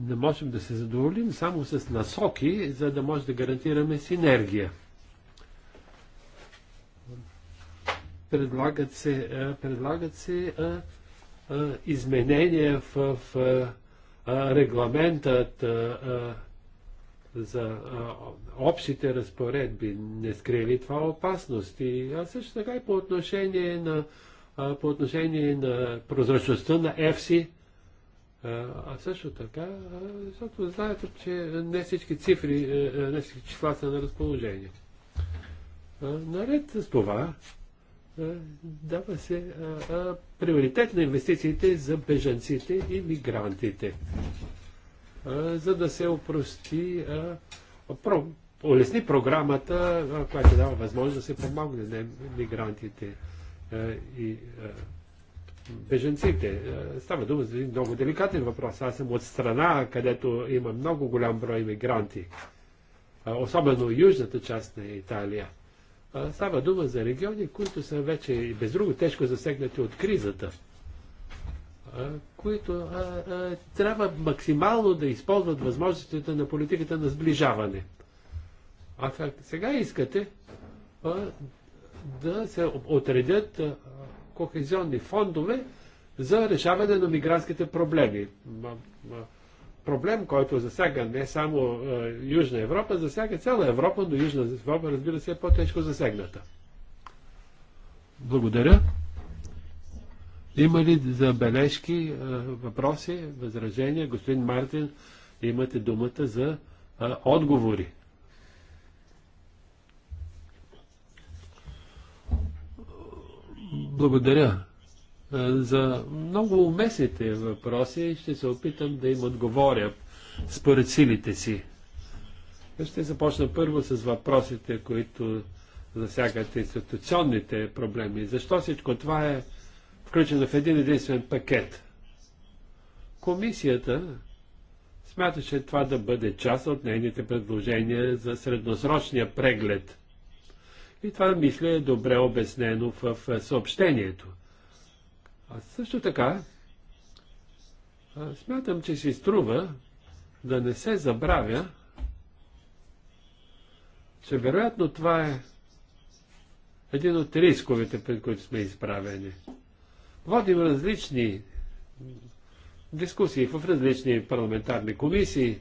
не можем да се задоволим само с насоки, за да може да гарантираме синергия. Предлагат се, предлагат се изменения в, в регламентът за общите разпоредби не скрие ли това опасност? И а също така и по отношение на, по отношение на прозрачността на ЕФСИ, а също така, защото знаете, че не всички цифри, не всички числа са на разположение. Наред с това, е, дава се а, а, приоритет на инвестициите за бежанците и мигрантите, а, за да се опрости, про, улесни програмата, която дава възможност да се помогне на мигрантите и беженците. Става дума за един много деликатен въпрос. Аз съм от страна, където има много голям брой мигранти, особено южната част на Италия. Става дума за региони, които са вече и без друго тежко засегнати от кризата, които трябва максимално да използват възможностите на политиката на сближаване. А сега искате да се отредят кохезионни фондове за решаване на мигрантските проблеми проблем, който засяга не само е, Южна Европа, засяга цяла Европа, но Южна Европа, разбира се, е по-тежко засегната. Благодаря. Има ли забележки, е, въпроси, възражения? Господин Мартин, имате думата за е, отговори. Благодаря за много уместните въпроси. Ще се опитам да им отговоря според силите си. Ще започна първо с въпросите, които засягат институционните проблеми. Защо всичко това е включено в един единствен пакет? Комисията смяташе това да бъде част от нейните предложения за средносрочния преглед. И това, мисля, е добре обяснено в съобщението. А също така, смятам, че си струва да не се забравя, че вероятно това е един от рисковете, пред които сме изправени. Водим различни дискусии в различни парламентарни комисии,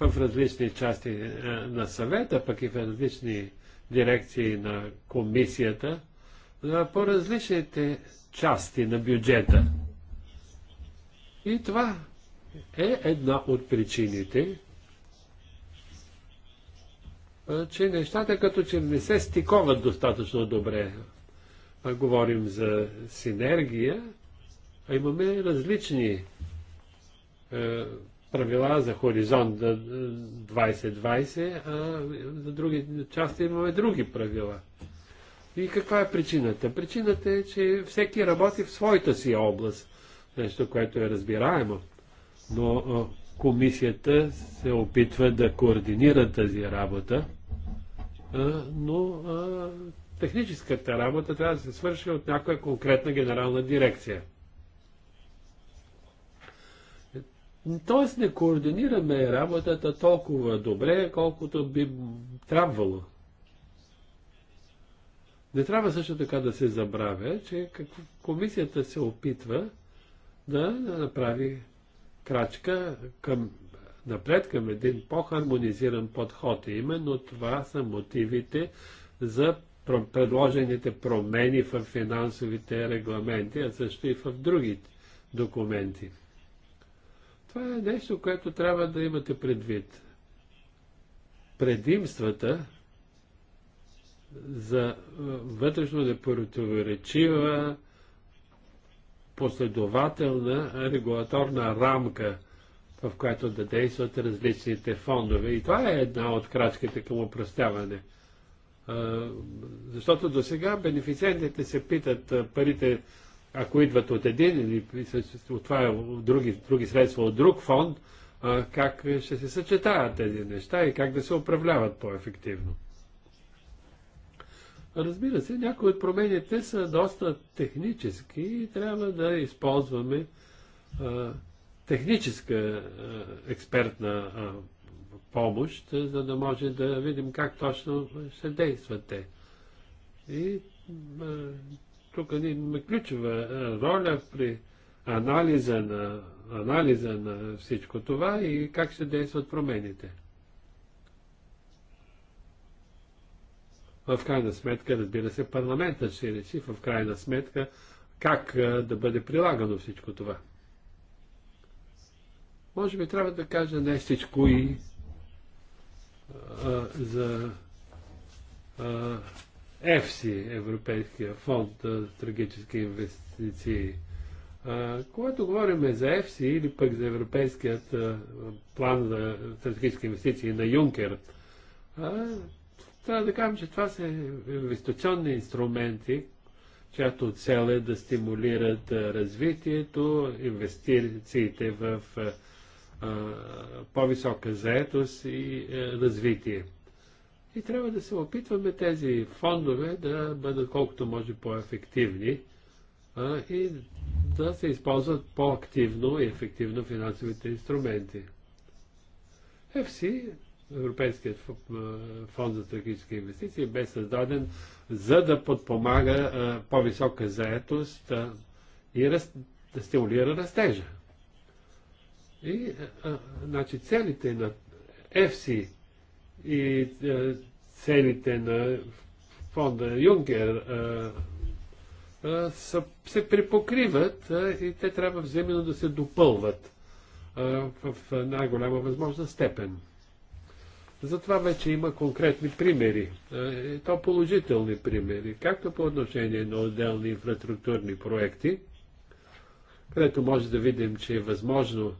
в различни части е, на съвета, пък и в различни дирекции на комисията, по различните части на бюджета. И това е една от причините, че нещата като че не се стиковат достатъчно добре. А говорим за синергия, а имаме различни е, правила за хоризонт 2020, а за други части имаме други правила. И каква е причината? Причината е, че всеки работи в своята си област, нещо, което е разбираемо. Но а, комисията се опитва да координира тази работа, а, но а, техническата работа трябва да се свърши от някоя конкретна генерална дирекция. Тоест не координираме работата толкова добре, колкото би трябвало. Не трябва също така да се забравя, че комисията се опитва да направи крачка към, напред към един по-хармонизиран подход. И именно това са мотивите за предложените промени в финансовите регламенти, а също и в другите документи. Това е нещо, което трябва да имате предвид. Предимствата за вътрешно непротиворечива последователна регулаторна рамка, в която да действат различните фондове. И това е една от крачките към упростяване. Защото до сега бенефициентите се питат парите, ако идват от един или от това, от други, други средства от друг фонд, как ще се съчетаят тези неща и как да се управляват по-ефективно. Разбира се, някои от промените са доста технически и трябва да използваме а, техническа а, експертна а, помощ, за да може да видим как точно ще действат те. И а, тук има ключова роля при анализа на, анализа на всичко това и как ще действат промените. в крайна сметка, разбира се, парламентът ще реши в крайна сметка как да бъде прилагано всичко това. Може би трябва да кажа нещичко и а, за а, ЕФСИ, Европейския фонд за стратегически инвестиции. А, когато говорим за ЕФСИ или пък за Европейският а, план за стратегически инвестиции на Юнкер, а, трябва да кажем, че това са инвестиционни инструменти, чиято цел е да стимулират развитието, инвестициите в по-висока заетост и развитие. И трябва да се опитваме тези фондове да бъдат колкото може по-ефективни и да се използват по-активно и ефективно финансовите инструменти. FC Европейският фонд за стратегически инвестиции бе създаден за да подпомага по-висока заетост и раз, да стимулира растежа. И значи, целите на ЕФСИ и целите на фонда Юнкер се припокриват и те трябва взаимно да се допълват в най-голяма възможна степен. Затова вече има конкретни примери, е, е, то положителни примери, както по отношение на отделни инфраструктурни проекти, където може да видим, че е възможно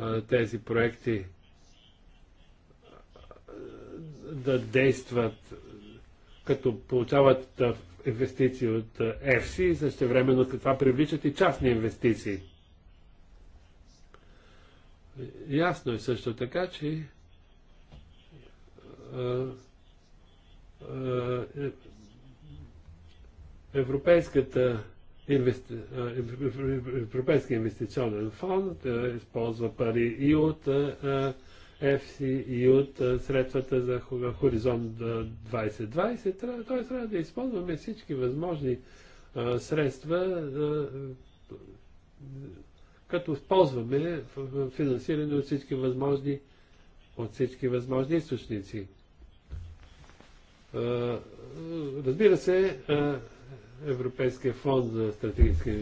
е, тези проекти да действат като получават инвестиции от ЕФСИ и времено след това привличат и частни инвестиции. Ясно е също така, че Европейската инвести... Европейски инвестиционен фонд използва пари и от ЕФСИ, и от средствата за Хоризонт 2020. Той т.е. трябва да използваме всички възможни средства, като използваме финансиране от всички възможни от всички възможни източници. Разбира се, Европейския фонд за стратегически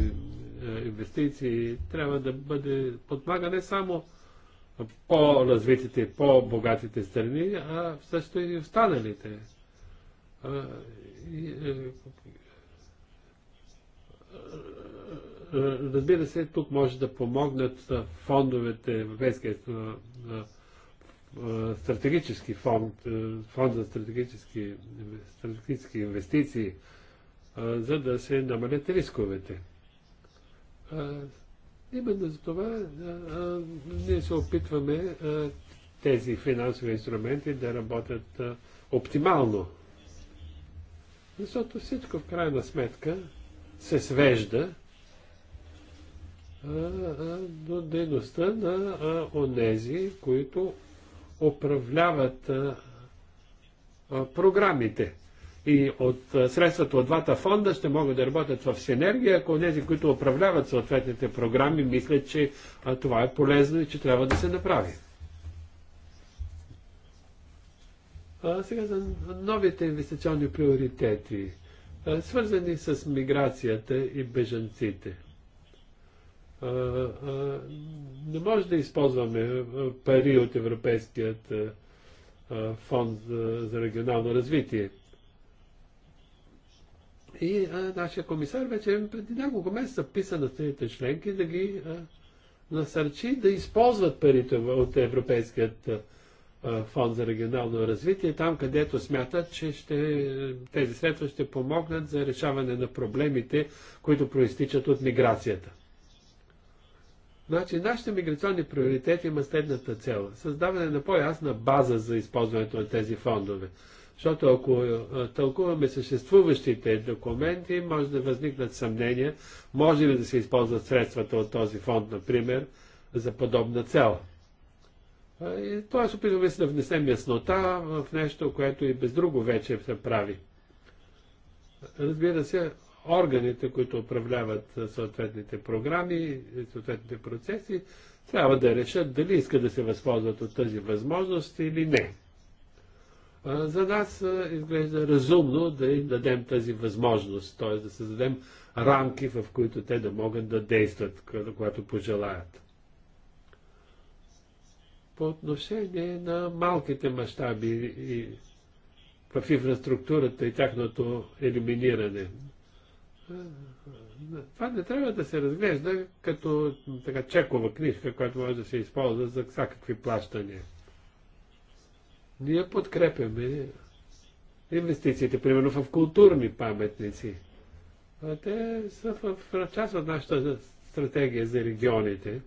инвестиции трябва да бъде подмага не само по-развитите и по-богатите страни, а също и останалите. Е, е, е, разбира се, тук може да помогнат фондовете, Европейския е, стратегически фонд, е, фонд за стратегически, стратегически инвестиции, е, за да се намалят рисковете. Именно за това ние се опитваме тези финансови инструменти да работят оптимално. Защото всичко в крайна сметка се свежда до дейността на онези, които управляват а, а, програмите. И от средствата от двата фонда ще могат да работят в синергия, ако тези, които управляват съответните програми, мислят, че а, това е полезно и че трябва да се направи. А, сега за новите инвестиционни приоритети, а, свързани с миграцията и бежанците не може да използваме пари от Европейският фонд за регионално развитие. И а, нашия комисар вече преди няколко месеца писа на страните членки да ги а, насърчи да използват парите от Европейският а, фонд за регионално развитие, там където смятат, че ще, тези средства ще помогнат за решаване на проблемите, които проистичат от миграцията. Значи, нашите миграционни приоритети има следната цел. Създаване на по-ясна база за използването на тези фондове. Защото ако тълкуваме съществуващите документи, може да възникнат съмнения, може ли да се използват средствата от този фонд, например, за подобна цел. И това се опитваме да внесем яснота в нещо, което и без друго вече се прави. Разбира се, органите, които управляват съответните програми, съответните процеси, трябва да решат дали искат да се възползват от тази възможност или не. За нас изглежда разумно да им дадем тази възможност, т.е. да създадем рамки, в които те да могат да действат, когато пожелаят. По отношение на малките мащаби и в инфраструктурата и тяхното елиминиране това не трябва да се разглежда като така чекова книжка, която може да се използва за всякакви плащания. Ние подкрепяме инвестициите, примерно в културни паметници. А те са в, в част от нашата стратегия за регионите,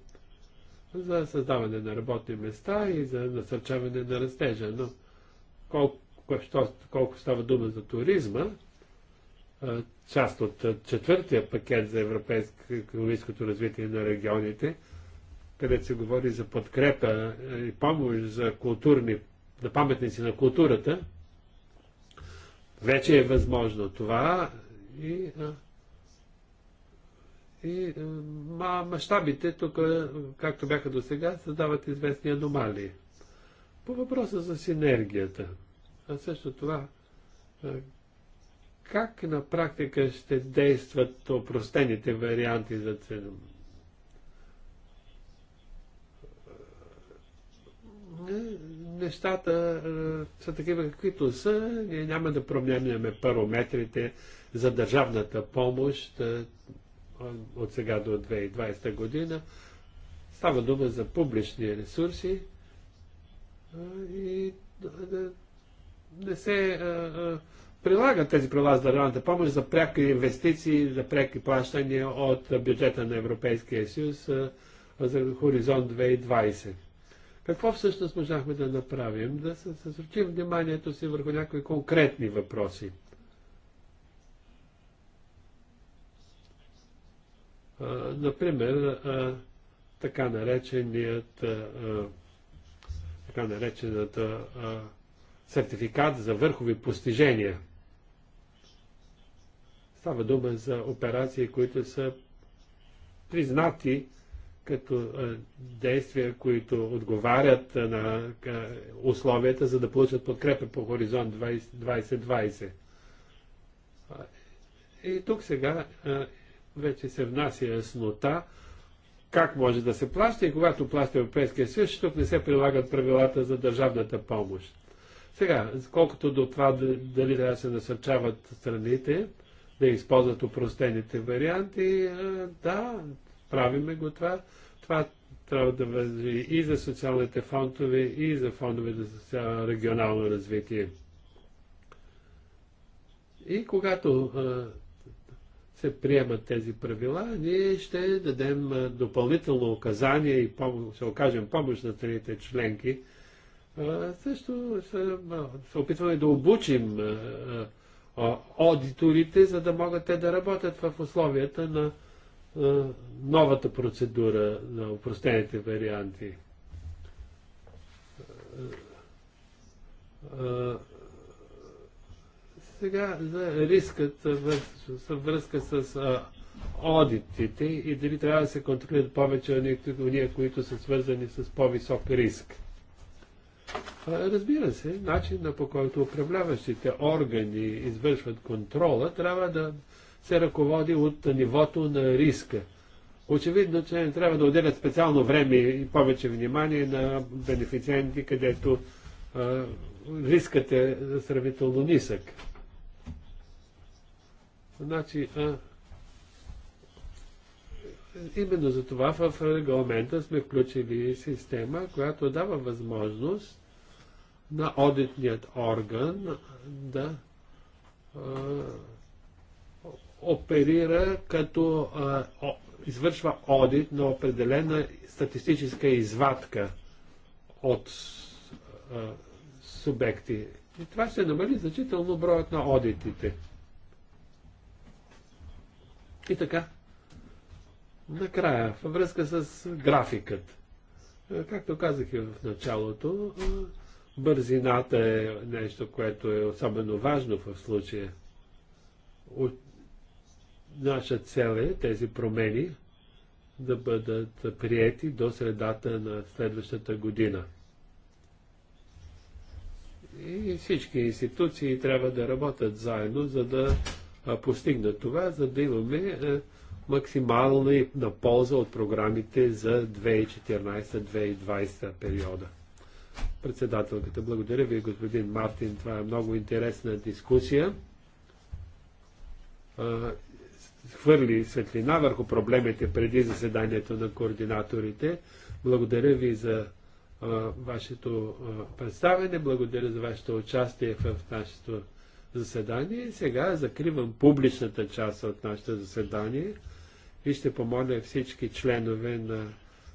за създаване на работни места и за насърчаване на растежа. Но колко, колко става дума за туризма, част от четвъртия пакет за европейско економическото развитие на регионите, където се говори за подкрепа и помощ за културни, на паметници на културата, вече е възможно това и, и ма, мащабите тук, както бяха до сега, създават известни аномалии. По въпроса за синергията, а също това как на практика ще действат опростените варианти за цена? Е, нещата е, са такива каквито са. Ние няма да променяме параметрите за държавната помощ е, от сега до 2020 година. Става дума за публични ресурси е, и е, не се е, прилага тези правила за държавната помощ за пряки инвестиции, за пряки плащания от бюджета на Европейския съюз за хоризонт 2020. Какво всъщност можахме да направим? Да се съсредоточим вниманието си върху някои конкретни въпроси. А, например, а, така нареченият а, така наречената сертификат за върхови постижения. Става дума за операции, които са признати като действия, които отговарят на условията, за да получат подкрепа по Хоризонт 2020. И тук сега вече се внася яснота как може да се плаща и когато плаща Европейския съюз, тук не се прилагат правилата за държавната помощ. Сега, колкото до това дали трябва да се насърчават страните, да използват упростените варианти. Да, правиме го това. Това трябва да въжи и за социалните фондове, и за фондове за регионално развитие. И когато се приемат тези правила, ние ще дадем допълнително указание и помощ, ще окажем помощ на страните членки. Също се, се опитваме да обучим аудиторите, за да могат те да работят в условията на новата процедура на упростените варианти. сега за рискът във връзка с одитите и дали трябва да се контролират повече от ние, които са свързани с по-висок риск. Разбира се, начинът по който управляващите органи извършват контрола трябва да се ръководи от нивото на риска. Очевидно, че не трябва да отделят специално време и повече внимание на бенефициенти, където а, рискът е сравнително нисък. Значи, а, Именно за това в регламента сме включили система, която дава възможност на одитният орган да а, оперира като а, о, извършва одит на определена статистическа извадка от а, субекти. И това ще намали значително броят на одитите. И така, Накрая, във връзка с графикът. Е, както казах и в началото, е, бързината е нещо, което е особено важно в случая. От наша цел е тези промени да бъдат приети до средата на следващата година. И всички институции трябва да работят заедно, за да постигнат това, за да имаме е, максимално и на полза от програмите за 2014-2020 периода. Председателката, благодаря ви, господин Мартин. Това е много интересна дискусия. Хвърли светлина върху проблемите преди заседанието на координаторите. Благодаря ви за вашето представене, благодаря за вашето участие в нашето заседание. Сега закривам публичната част от нашето заседание и ще помоля всички членове на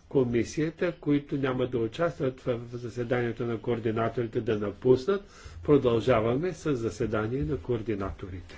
комисията, които няма да участват в заседанието на координаторите да напуснат. Продължаваме с заседание на координаторите.